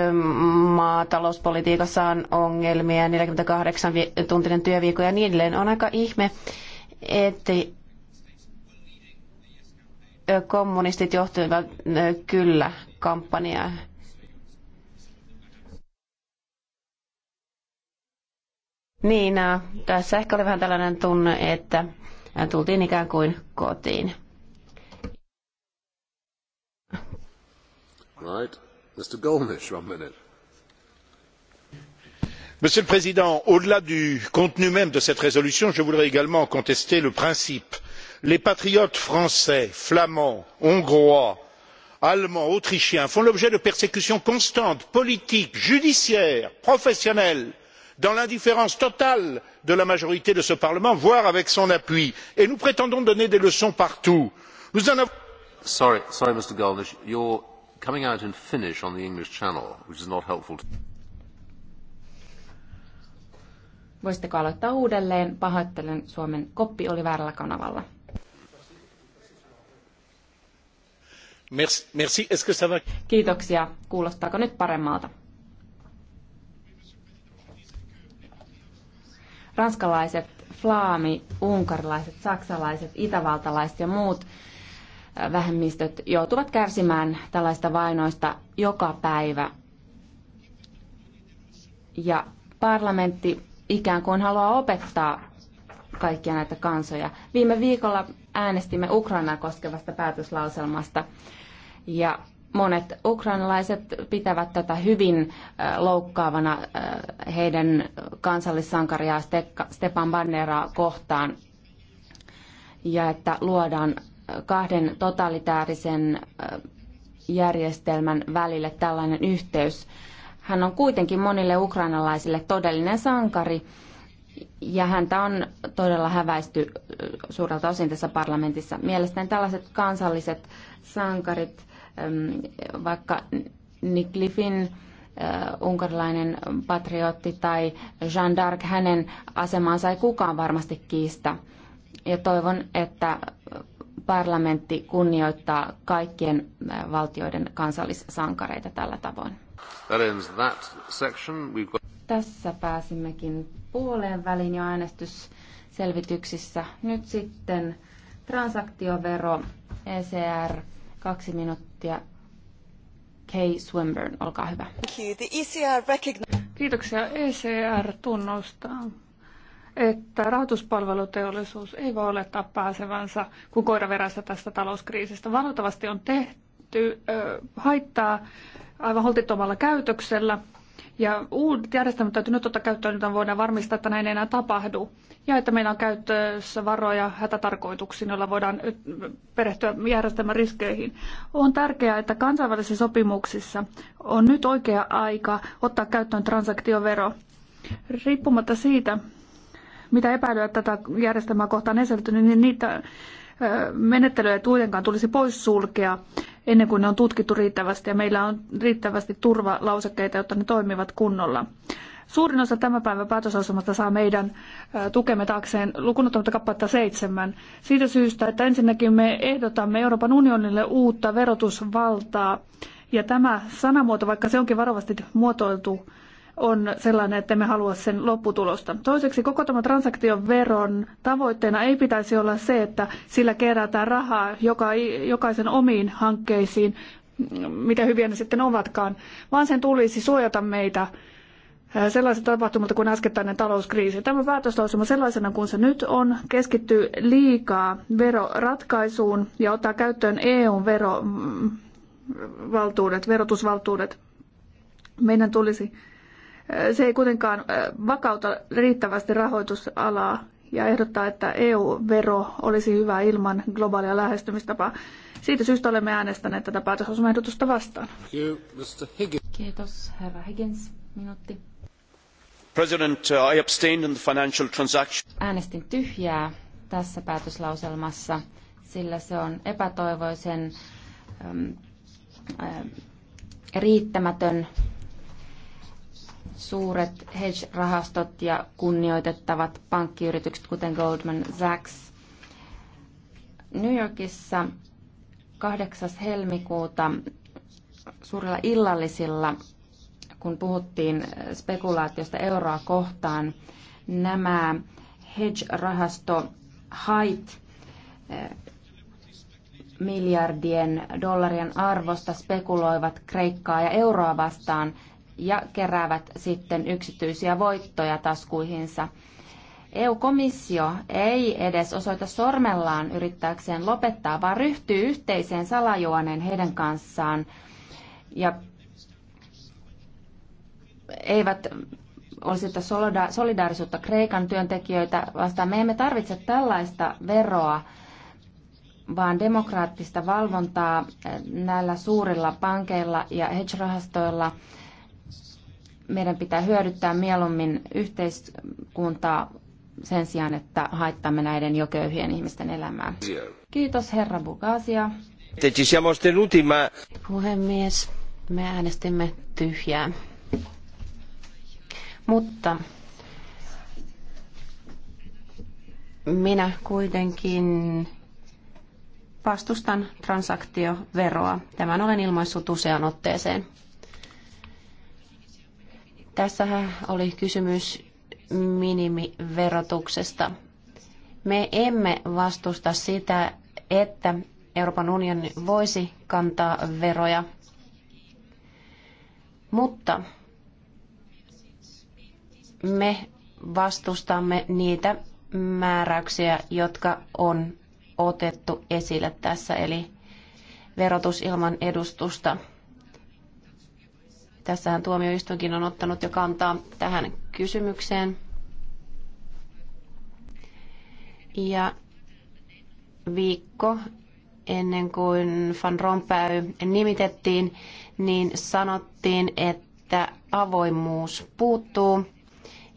maatalouspolitiikassa on ongelmia, 48-tuntinen työviikko ja niin edelleen. On aika ihme, että kommunistit johtivat kyllä kampanjaa Niin, äh, tässä ehkä oli vähän tällainen tunne, että äh, tultiin ikään kuin kotiin. Right. Mr. Gomes, one minute. Monsieur le Président, au-delà du contenu même de cette résolution, je voudrais également contester le principe. Les patriotes français, flamands, hongrois, allemands autrichiens font l'objet de persécutions constantes politiques judiciaires professionnelles dans l'indifférence totale de la majorité de ce parlement voire avec son appui et nous prétendons donner des leçons partout. nous en avons Voisitteko aloittaa uudelleen? Pahoittelen, Suomen koppi oli väärällä kanavalla. Merci. Merci. Kiitoksia. Kuulostaako nyt paremmalta? ranskalaiset, flaami, unkarilaiset, saksalaiset, itävaltalaiset ja muut vähemmistöt joutuvat kärsimään tällaista vainoista joka päivä. Ja parlamentti ikään kuin haluaa opettaa kaikkia näitä kansoja. Viime viikolla äänestimme Ukrainaa koskevasta päätöslauselmasta ja monet ukrainalaiset pitävät tätä hyvin loukkaavana heidän kansallissankariaan Stepan Banderaa kohtaan ja että luodaan kahden totalitaarisen järjestelmän välille tällainen yhteys. Hän on kuitenkin monille ukrainalaisille todellinen sankari ja häntä on todella häväisty suurelta osin tässä parlamentissa. Mielestäni tällaiset kansalliset sankarit vaikka Nick Liffin unkarilainen patriotti tai Jean d'Arc, hänen asemansa ei kukaan varmasti kiistä. Ja toivon, että parlamentti kunnioittaa kaikkien valtioiden kansallissankareita tällä tavoin. Got... Tässä pääsimmekin puoleen väliin jo äänestysselvityksissä. Nyt sitten transaktiovero, ECR, Kaksi minuuttia. Kay Swinburne, olkaa hyvä. E Kiitoksia ECR tunnustaa että rahoituspalveluteollisuus ei voi olettaa pääsevänsä kuin koiraverässä tästä talouskriisistä. Valitettavasti on tehty ö, haittaa aivan holtittomalla käytöksellä ja uudet järjestelmät täytyy nyt ottaa käyttöön, jotta voidaan varmistaa, että näin ei enää tapahdu. Ja että meillä on käytössä varoja hätätarkoituksiin, joilla voidaan perehtyä järjestelmän riskeihin. On tärkeää, että kansainvälisissä sopimuksissa on nyt oikea aika ottaa käyttöön transaktiovero. Riippumatta siitä, mitä epäilyä tätä järjestelmää kohtaan esiintynyt, niin niitä menettelyä ei kuitenkaan tulisi poissulkea ennen kuin ne on tutkittu riittävästi ja meillä on riittävästi turvalausekkeita, jotta ne toimivat kunnolla. Suurin osa tämän päivän päätösasemasta saa meidän tukemme taakseen lukunottamatta kappaletta seitsemän. Siitä syystä, että ensinnäkin me ehdotamme Euroopan unionille uutta verotusvaltaa ja tämä sanamuoto, vaikka se onkin varovasti muotoiltu, on sellainen, että me halua sen lopputulosta. Toiseksi koko tämä transaktioveron tavoitteena ei pitäisi olla se, että sillä kerätään rahaa joka, jokaisen omiin hankkeisiin, mitä hyviä ne sitten ovatkaan, vaan sen tulisi suojata meitä äh, sellaiset tapahtumat kuin äskettäinen talouskriisi. Tämä päätöslausuma sellaisena kuin se nyt on keskittyy liikaa veroratkaisuun ja ottaa käyttöön EUn verovaltuudet, mm, verotusvaltuudet. Meidän tulisi se ei kuitenkaan vakauta riittävästi rahoitusalaa ja ehdottaa, että EU-vero olisi hyvä ilman globaalia lähestymistapaa. Siitä syystä olemme äänestäneet tätä päätösosmaehdotusta vastaan. Kiitos, herra Higgins. Minuutti. President, uh, I abstained in the financial transaction. Äänestin tyhjää tässä päätöslauselmassa, sillä se on epätoivoisen riittämätön suuret hedge-rahastot ja kunnioitettavat pankkiyritykset, kuten Goldman Sachs. New Yorkissa 8. helmikuuta suurilla illallisilla, kun puhuttiin spekulaatiosta euroa kohtaan, nämä hedge-rahasto hait eh, miljardien dollarien arvosta spekuloivat Kreikkaa ja euroa vastaan ja keräävät sitten yksityisiä voittoja taskuihinsa. EU-komissio ei edes osoita sormellaan yrittääkseen lopettaa, vaan ryhtyy yhteiseen salajuoneen heidän kanssaan ja eivät on sitä solidaarisuutta Kreikan työntekijöitä vastaan. Me emme tarvitse tällaista veroa, vaan demokraattista valvontaa näillä suurilla pankeilla ja hedge-rahastoilla – meidän pitää hyödyttää mieluummin yhteiskuntaa sen sijaan, että haittamme näiden jo köyhien ihmisten elämää. Kiitos herra Bugasia. Puhemies, me äänestimme tyhjää. Mutta minä kuitenkin vastustan transaktioveroa. Tämän olen ilmaissut useaan otteeseen. Tässähän oli kysymys minimiverotuksesta. Me emme vastusta sitä, että Euroopan unioni voisi kantaa veroja, mutta me vastustamme niitä määräyksiä, jotka on otettu esille tässä, eli verotus ilman edustusta. Tässähän tuomioistuinkin on ottanut jo kantaa tähän kysymykseen. Ja viikko ennen kuin Van Rompuy nimitettiin, niin sanottiin, että avoimuus puuttuu.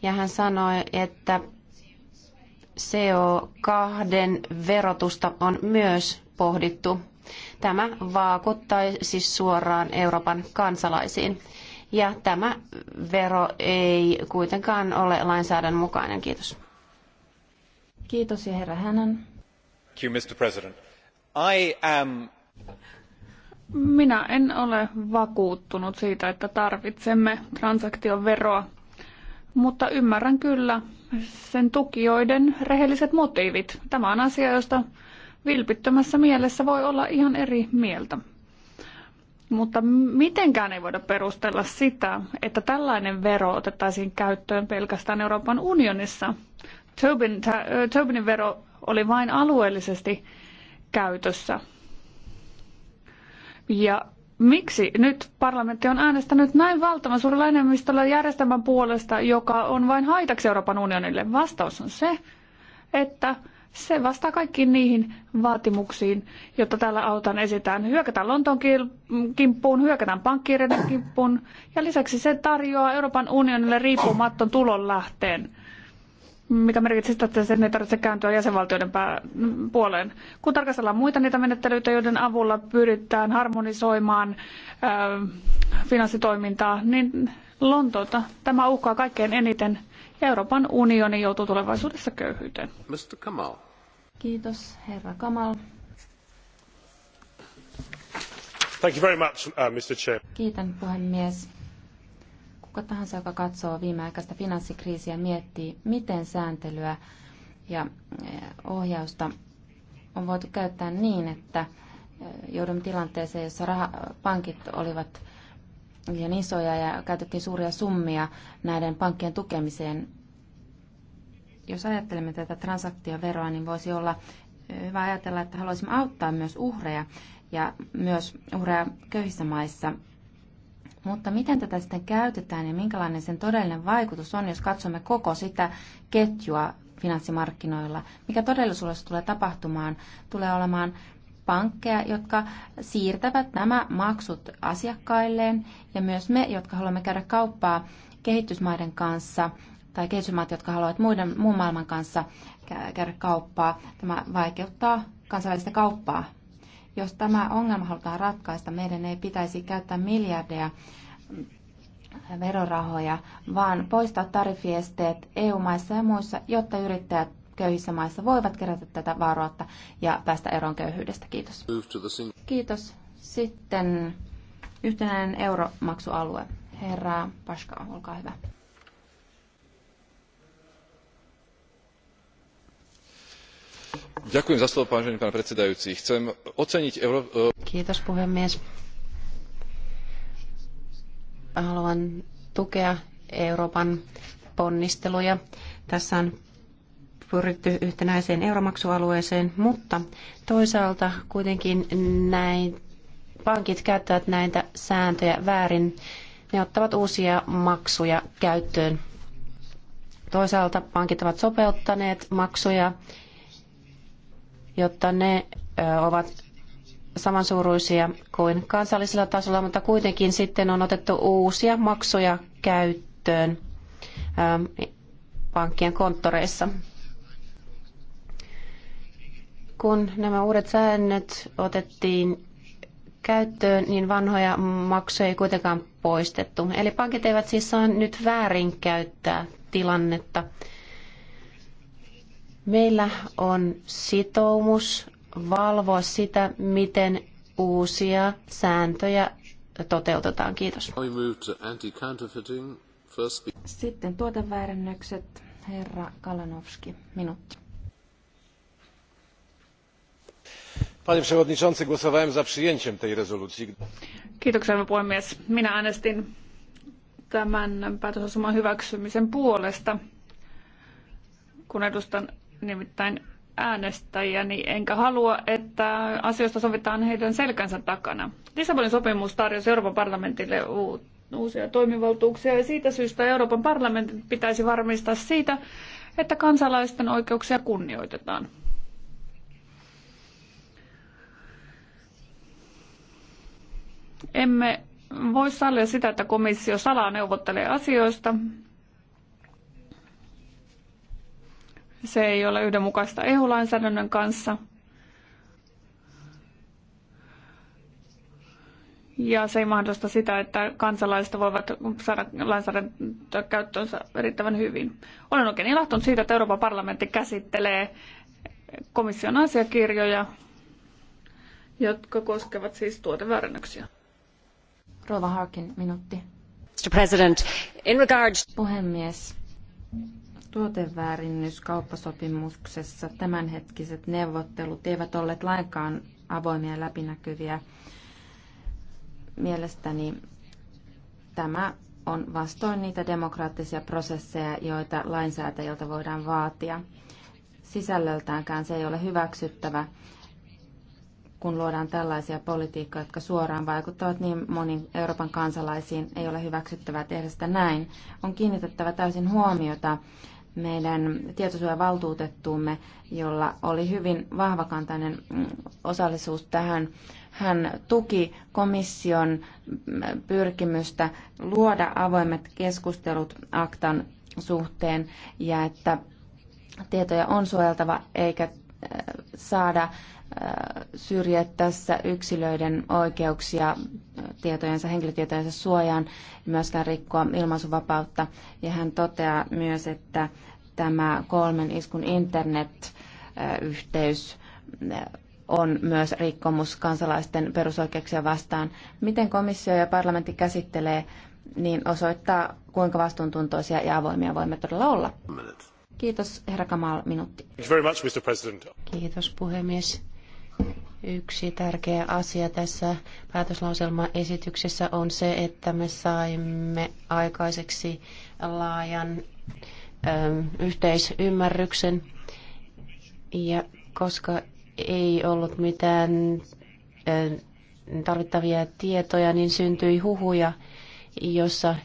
Ja hän sanoi, että CO2 verotusta on myös pohdittu. Tämä vaakuttaisi siis suoraan Euroopan kansalaisiin. Ja tämä vero ei kuitenkaan ole lainsäädännön mukainen. Kiitos. Kiitos ja herra Hänen. Mr. President. I am... Minä en ole vakuuttunut siitä, että tarvitsemme transaktion veroa, mutta ymmärrän kyllä sen tukijoiden rehelliset motiivit. Tämä on asia, josta vilpittömässä mielessä voi olla ihan eri mieltä. Mutta mitenkään ei voida perustella sitä, että tällainen vero otettaisiin käyttöön pelkästään Euroopan unionissa. Tobin, Tobinin vero oli vain alueellisesti käytössä. Ja miksi nyt parlamentti on äänestänyt näin valtavan suurella enemmistöllä järjestelmän puolesta, joka on vain haitaksi Euroopan unionille? Vastaus on se, että se vastaa kaikkiin niihin vaatimuksiin, jotta täällä autan esitään. Hyökätään Lontoon kimppuun, hyökätään pankkiirien kimppuun ja lisäksi se tarjoaa Euroopan unionille riippumatton tulonlähteen mikä merkitsee sitä, että sen ei tarvitse kääntyä jäsenvaltioiden puoleen. Kun tarkastellaan muita niitä menettelyitä, joiden avulla pyritään harmonisoimaan finanssitoimintaa, niin Lontoota tämä uhkaa kaikkein eniten ja Euroopan unioni joutuu tulevaisuudessa köyhyyteen. Mr. Kamal. Kiitos, herra Kamal. Thank you very much, uh, Mr. Chair. Kiitän puhemies. Kuka tahansa, joka katsoo viimeaikaista finanssikriisiä, miettii, miten sääntelyä ja eh, ohjausta on voitu käyttää niin, että eh, joudumme tilanteeseen, jossa raha, pankit olivat liian isoja ja käytettiin suuria summia näiden pankkien tukemiseen. Jos ajattelemme tätä transaktioveroa, niin voisi olla hyvä ajatella, että haluaisimme auttaa myös uhreja ja myös uhreja köyhissä maissa. Mutta miten tätä sitten käytetään ja minkälainen sen todellinen vaikutus on, jos katsomme koko sitä ketjua finanssimarkkinoilla, mikä todellisuudessa tulee tapahtumaan, tulee olemaan pankkeja, jotka siirtävät nämä maksut asiakkailleen ja myös me, jotka haluamme käydä kauppaa kehitysmaiden kanssa tai kehitysmaat, jotka haluavat muiden, muun maailman kanssa käydä kauppaa. Tämä vaikeuttaa kansainvälistä kauppaa. Jos tämä ongelma halutaan ratkaista, meidän ei pitäisi käyttää miljardeja verorahoja, vaan poistaa tarifiesteet EU-maissa ja muissa, jotta yrittäjät köyhissä maissa voivat kerätä tätä vaaroutta ja päästä eroon köyhyydestä. Kiitos. Kiitos. Sitten yhtenäinen euromaksualue. Herra Paska, olkaa hyvä. chcem oceniť e- Kiitos puhemies. Haluan tukea Euroopan ponnisteluja. Tässä on pyritty yhtenäiseen euromaksualueeseen, mutta toisaalta kuitenkin näin pankit käyttävät näitä sääntöjä väärin. Ne ottavat uusia maksuja käyttöön. Toisaalta pankit ovat sopeuttaneet maksuja, jotta ne ovat samansuuruisia kuin kansallisella tasolla, mutta kuitenkin sitten on otettu uusia maksuja käyttöön pankkien konttoreissa. Kun nämä uudet säännöt otettiin käyttöön, niin vanhoja maksuja ei kuitenkaan poistettu. Eli pankit eivät siis saa nyt väärinkäyttää tilannetta. Meillä on sitoumus valvoa sitä, miten uusia sääntöjä toteutetaan. Kiitos. Sitten tuoteväärännökset. Herra Kalanovski, minuutti. panie przewodniczący! głosowałem za przyjęciem tej rezolucji. arvoisa minä äänestin tämän päätöslauselman hyväksymisen puolesta kun edustan nimittäin äänestäjiäni niin enkä halua, että asioista sovitaan heidän selkänsä takana. Lissabonin sopimus tarjosi Euroopan parlamentille uusia toimivaltuuksia ja siitä syystä Euroopan parlamentin pitäisi varmistaa siitä, että kansalaisten oikeuksia kunnioitetaan. Emme voi sallia sitä, että komissio salaa neuvottelee asioista. Se ei ole yhdenmukaista EU-lainsäädännön kanssa. Ja se ei mahdollista sitä, että kansalaiset voivat saada lainsäädäntöä käyttöönsä riittävän hyvin. Olen oikein ilahtunut siitä, että Euroopan parlamentti käsittelee komission asiakirjoja, jotka koskevat siis tuoteväärennöksiä. Rova Mr. President, in regards... Puhemies, tuoteväärinnys tämänhetkiset neuvottelut eivät olleet lainkaan avoimia ja läpinäkyviä. Mielestäni tämä on vastoin niitä demokraattisia prosesseja, joita lainsäätäjiltä voidaan vaatia. Sisällöltäänkään se ei ole hyväksyttävä kun luodaan tällaisia politiikkoja, jotka suoraan vaikuttavat niin moniin Euroopan kansalaisiin, ei ole hyväksyttävää tehdä sitä näin. On kiinnitettävä täysin huomiota meidän tietosuojavaltuutettuumme, jolla oli hyvin vahvakantainen mm, osallisuus tähän. Hän tuki komission mm, pyrkimystä luoda avoimet keskustelut aktan suhteen ja että tietoja on suojeltava eikä Äh, saada äh, syrjiä tässä yksilöiden oikeuksia äh, tietojensa, henkilötietojensa suojaan, myöskään rikkoa ilmaisuvapautta. Ja hän toteaa myös, että tämä kolmen iskun internet-yhteys on myös rikkomus kansalaisten perusoikeuksia vastaan. Miten komissio ja parlamentti käsittelee, niin osoittaa, kuinka vastuuntuntoisia ja avoimia voimme todella olla. Minutes. Kiitos, herra Kamal, minuutti. Kiitos, puhemies. Yksi tärkeä asia tässä päätöslauselmaesityksessä on se, että me saimme aikaiseksi laajan ö, ähm, yhteisymmärryksen. Ja koska ei ollut mitään ö, äh, tarvittavia tietoja, niin syntyi huhuja, jossa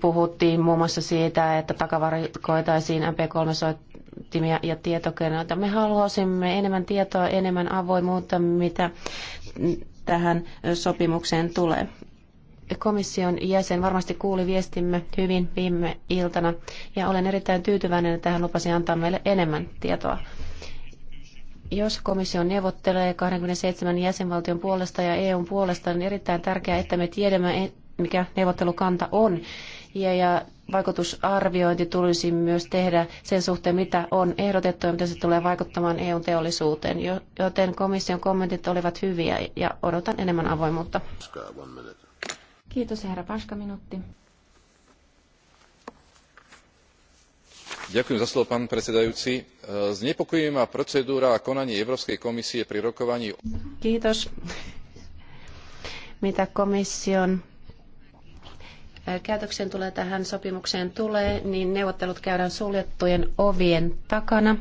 puhuttiin muun muassa siitä, että takavarikoitaisiin MP3-soittimia ja tietokoneita. Me haluaisimme enemmän tietoa, enemmän avoimuutta, mitä tähän sopimukseen tulee. Komission jäsen varmasti kuuli viestimme hyvin viime iltana ja olen erittäin tyytyväinen, että hän lupasi antaa meille enemmän tietoa jos komissio neuvottelee 27 jäsenvaltion puolesta ja EUn puolesta, niin on erittäin tärkeää, että me tiedämme, mikä neuvottelukanta on. Ja, ja vaikutusarviointi tulisi myös tehdä sen suhteen, mitä on ehdotettu ja mitä se tulee vaikuttamaan EUn teollisuuteen. Joten komission kommentit olivat hyviä ja odotan enemmän avoimuutta. Kiitos, herra Paska, minuutti. znepokojuje ma procedúra a konanie európskej komisie pri rokovaní. mitä komission käytökseen tulee tähän sopimukseen tulee, niin neuvottelut käydään suljettujen ovien takana.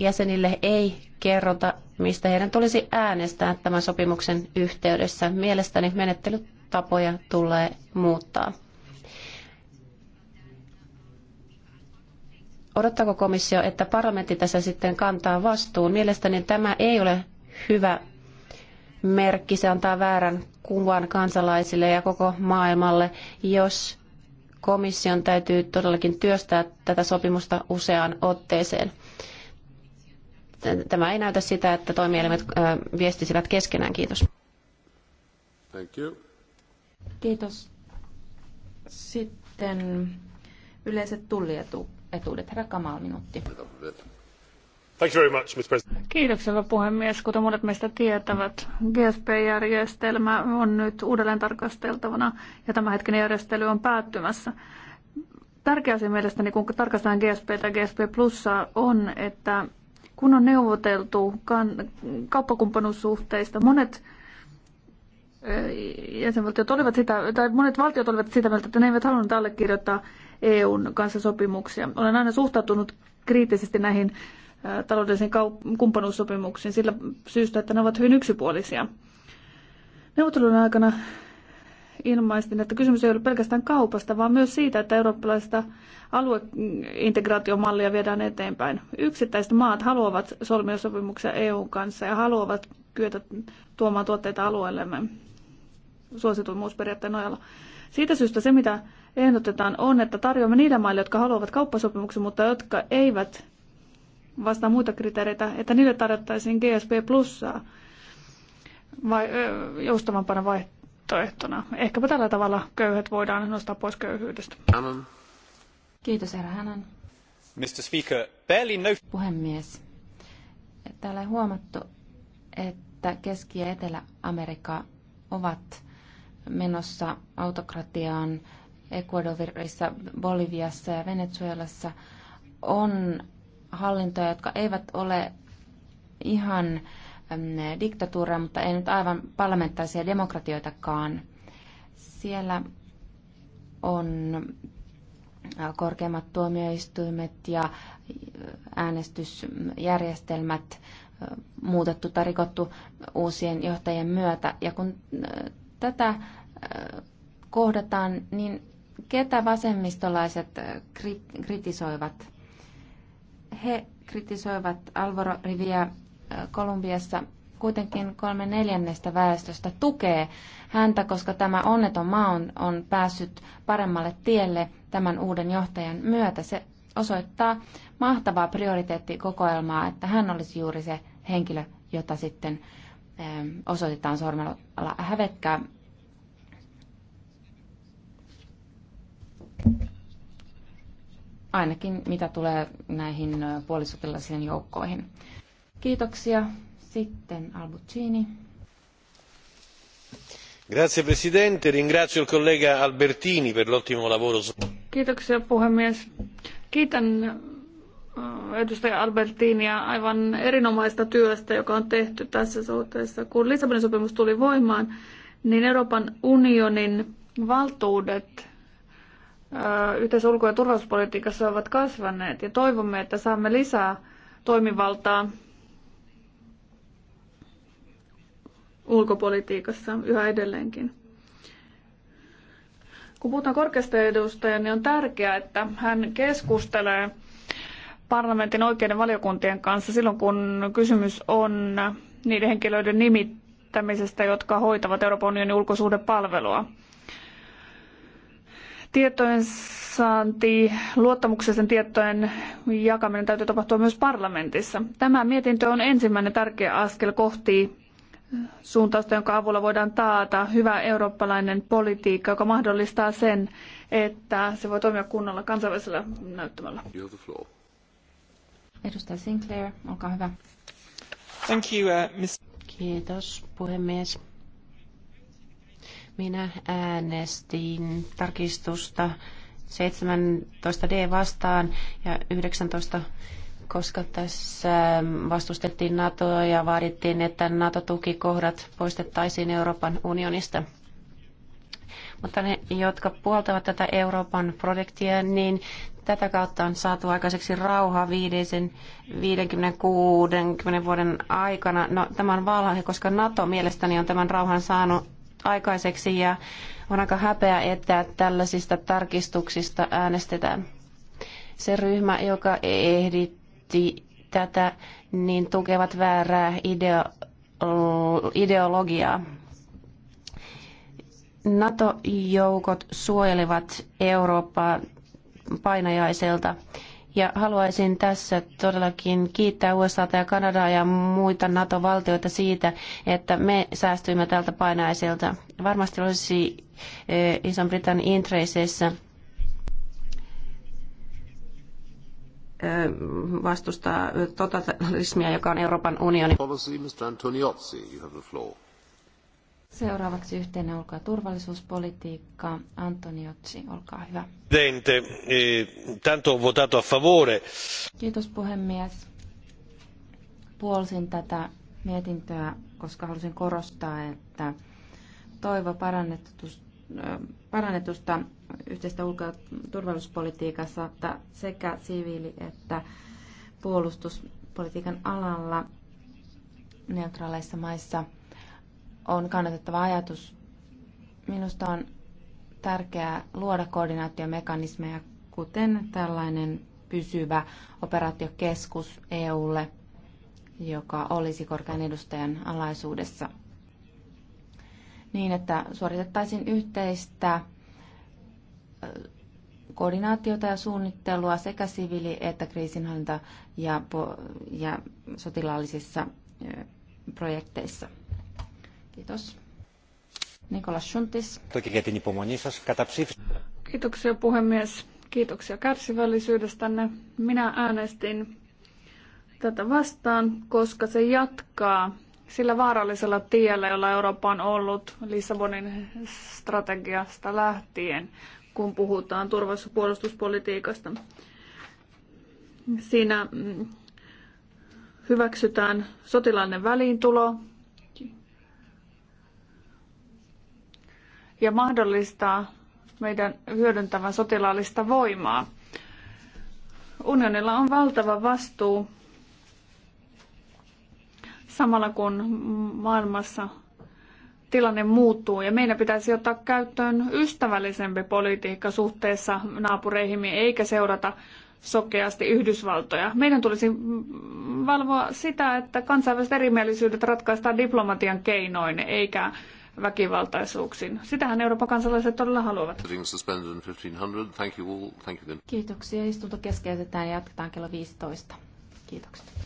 Jäsenille ei kerrota, mistä heidän tulisi äänestää tämän sopimuksen yhteydessä. Mielestäni menettelytapoja tulee muuttaa. Odottaako komissio, että parlamentti tässä sitten kantaa vastuun? Mielestäni tämä ei ole hyvä merkki. Se antaa väärän kuvan kansalaisille ja koko maailmalle, jos komission täytyy todellakin työstää tätä sopimusta useaan otteeseen. Tämä ei näytä sitä, että toimielimet viestisivät keskenään. Kiitos. Thank you. Kiitos. Sitten yleiset tullietuudet. Herra Kamal, minuutti. Thank you very much, Mr. President. Kiitoksia, puhemies. Kuten monet meistä tietävät, GSP-järjestelmä on nyt uudelleen tarkasteltavana ja tämä hetkinen järjestely on päättymässä. Tärkeä asia mielestäni, kun tarkastellaan GSP tai GSP Plussaa, on, että kun on neuvoteltu kauppakumppanuussuhteista, monet eh, jäsenvaltiot olivat sitä, tai monet valtiot olivat sitä mieltä, että ne eivät halunneet allekirjoittaa EUn kanssa sopimuksia. Olen aina suhtautunut kriittisesti näihin taloudellisiin kumppanuussopimuksiin sillä syystä, että ne ovat hyvin yksipuolisia. Neuvottelun aikana ilmaistin, että kysymys ei ole pelkästään kaupasta, vaan myös siitä, että eurooppalaista alueintegraatiomallia viedään eteenpäin. Yksittäiset maat haluavat solmia sopimuksia EUn kanssa ja haluavat kyetä tuomaan tuotteita alueellemme suosituimuusperiaatteen nojalla. Siitä syystä se, mitä ehdotetaan, on, että tarjoamme niille maille, jotka haluavat kauppasopimuksen, mutta jotka eivät vastaa muita kriteereitä, että niille tarjottaisiin GSP plussaa vai, joustavampana vaihtoehtona. Ehkäpä tällä tavalla köyhät voidaan nostaa pois köyhyydestä. Kiitos, herra Hänen. Mr. Speaker, barely no... Puhemies, täällä on huomattu, että Keski- ja Etelä-Amerikka ovat menossa autokratiaan Ecuadorissa, Boliviassa ja Venezuelassa on hallintoja, jotka eivät ole ihan diktatuureja, mutta ei nyt aivan parlamentaarisia demokratioitakaan. Siellä on korkeimmat tuomioistuimet ja äänestysjärjestelmät muutettu tai rikottu uusien johtajien myötä. Ja kun tätä kohdataan, niin ketä vasemmistolaiset kritisoivat? He kritisoivat Alvaro Riviä äh, Kolumbiassa kuitenkin kolme neljännestä väestöstä tukee häntä, koska tämä onneton maa on, on päässyt paremmalle tielle tämän uuden johtajan myötä. Se osoittaa mahtavaa prioriteettikokoelmaa, että hän olisi juuri se henkilö, jota sitten ähm, osoitetaan sormella hävetkää ainakin mitä tulee näihin puolisotilaisiin joukkoihin. Kiitoksia. Sitten Albuccini. Grazie Presidente, ringrazio il collega Albertini per l'ottimo lavoro. Kiitoksia puhemies. Kiitän edustaja Albertinia aivan erinomaista työstä, joka on tehty tässä suhteessa. Kun Lissabonin sopimus tuli voimaan, niin Euroopan unionin valtuudet Äh, yhteisessä ulko- ja turvallisuuspolitiikassa ovat kasvaneet ja toivomme, että saamme lisää toimivaltaa ulkopolitiikassa yhä edelleenkin. Kun puhutaan korkeasta edustajasta, niin on tärkeää, että hän keskustelee parlamentin oikeiden valiokuntien kanssa silloin, kun kysymys on niiden henkilöiden nimittämisestä, jotka hoitavat Euroopan unionin ulkosuhdepalvelua tietojen saanti, luottamuksellisen tietojen jakaminen täytyy tapahtua myös parlamentissa. Tämä mietintö on ensimmäinen tärkeä askel kohti suuntausta, jonka avulla voidaan taata hyvä eurooppalainen politiikka, joka mahdollistaa sen, että se voi toimia kunnolla kansainvälisellä näyttämällä. Edustaja Sinclair, olkaa hyvä. Thank you, uh, Kiitos, puhemies. Minä äänestin tarkistusta 17D vastaan ja 19 koska tässä vastustettiin NATOa ja vaadittiin, että NATO-tukikohdat poistettaisiin Euroopan unionista. Mutta ne, jotka puoltavat tätä Euroopan projektia, niin tätä kautta on saatu aikaiseksi rauha 50-60 vuoden aikana. No, tämä on valhe, koska NATO mielestäni on tämän rauhan saanut aikaiseksi ja on aika häpeä, että tällaisista tarkistuksista äänestetään. Se ryhmä, joka ehditti tätä, niin tukevat väärää ideo- ideologiaa. NATO-joukot suojelevat Eurooppaa painajaiselta ja haluaisin tässä todellakin kiittää USAta ja Kanadaa ja muita NATO-valtioita siitä, että me säästyimme tältä painaiselta. Varmasti olisi eh, ison britannian intresseissä eh, vastustaa totalitarismia, joka on Euroopan unioni. Policy, Mr. Antoniozzi, you have the floor. Seuraavaksi yhteinen ulko- ja turvallisuuspolitiikka. Antoniotsi, olkaa hyvä. Presidente, eh, tanto ho votato a favore. Kiitos puhemies. Puolsin tätä mietintöä, koska halusin korostaa, että toivo parannetusta yhteistä ulko- ja turvallisuuspolitiikassa sekä siviili- että puolustuspolitiikan alalla neutraaleissa maissa – on kannatettava ajatus. Minusta on tärkeää luoda koordinaatiomekanismeja, kuten tällainen pysyvä operaatiokeskus EUlle, joka olisi korkean edustajan alaisuudessa niin, että suoritettaisiin yhteistä koordinaatiota ja suunnittelua sekä siviili- että kriisinhallinta- ja, ja sotilaallisissa projekteissa. Kiitos. Nikolas Shuntis. Kiitoksia puhemies. Kiitoksia kärsivällisyydestänne. Minä äänestin tätä vastaan, koska se jatkaa sillä vaarallisella tiellä, jolla Eurooppa on ollut Lissabonin strategiasta lähtien, kun puhutaan turvallisuus- puolustuspolitiikasta. Siinä mm, hyväksytään sotilainen väliintulo, ja mahdollistaa meidän hyödyntävän sotilaallista voimaa. Unionilla on valtava vastuu samalla kun maailmassa tilanne muuttuu ja meidän pitäisi ottaa käyttöön ystävällisempi politiikka suhteessa naapureihimme eikä seurata sokeasti Yhdysvaltoja. Meidän tulisi valvoa sitä, että kansainväliset erimielisyydet ratkaistaan diplomatian keinoin eikä väkivaltaisuuksiin. Sitähän Euroopan kansalaiset todella haluavat. Kiitoksia. Istunto keskeytetään ja jatketaan kello 15. Kiitoksia.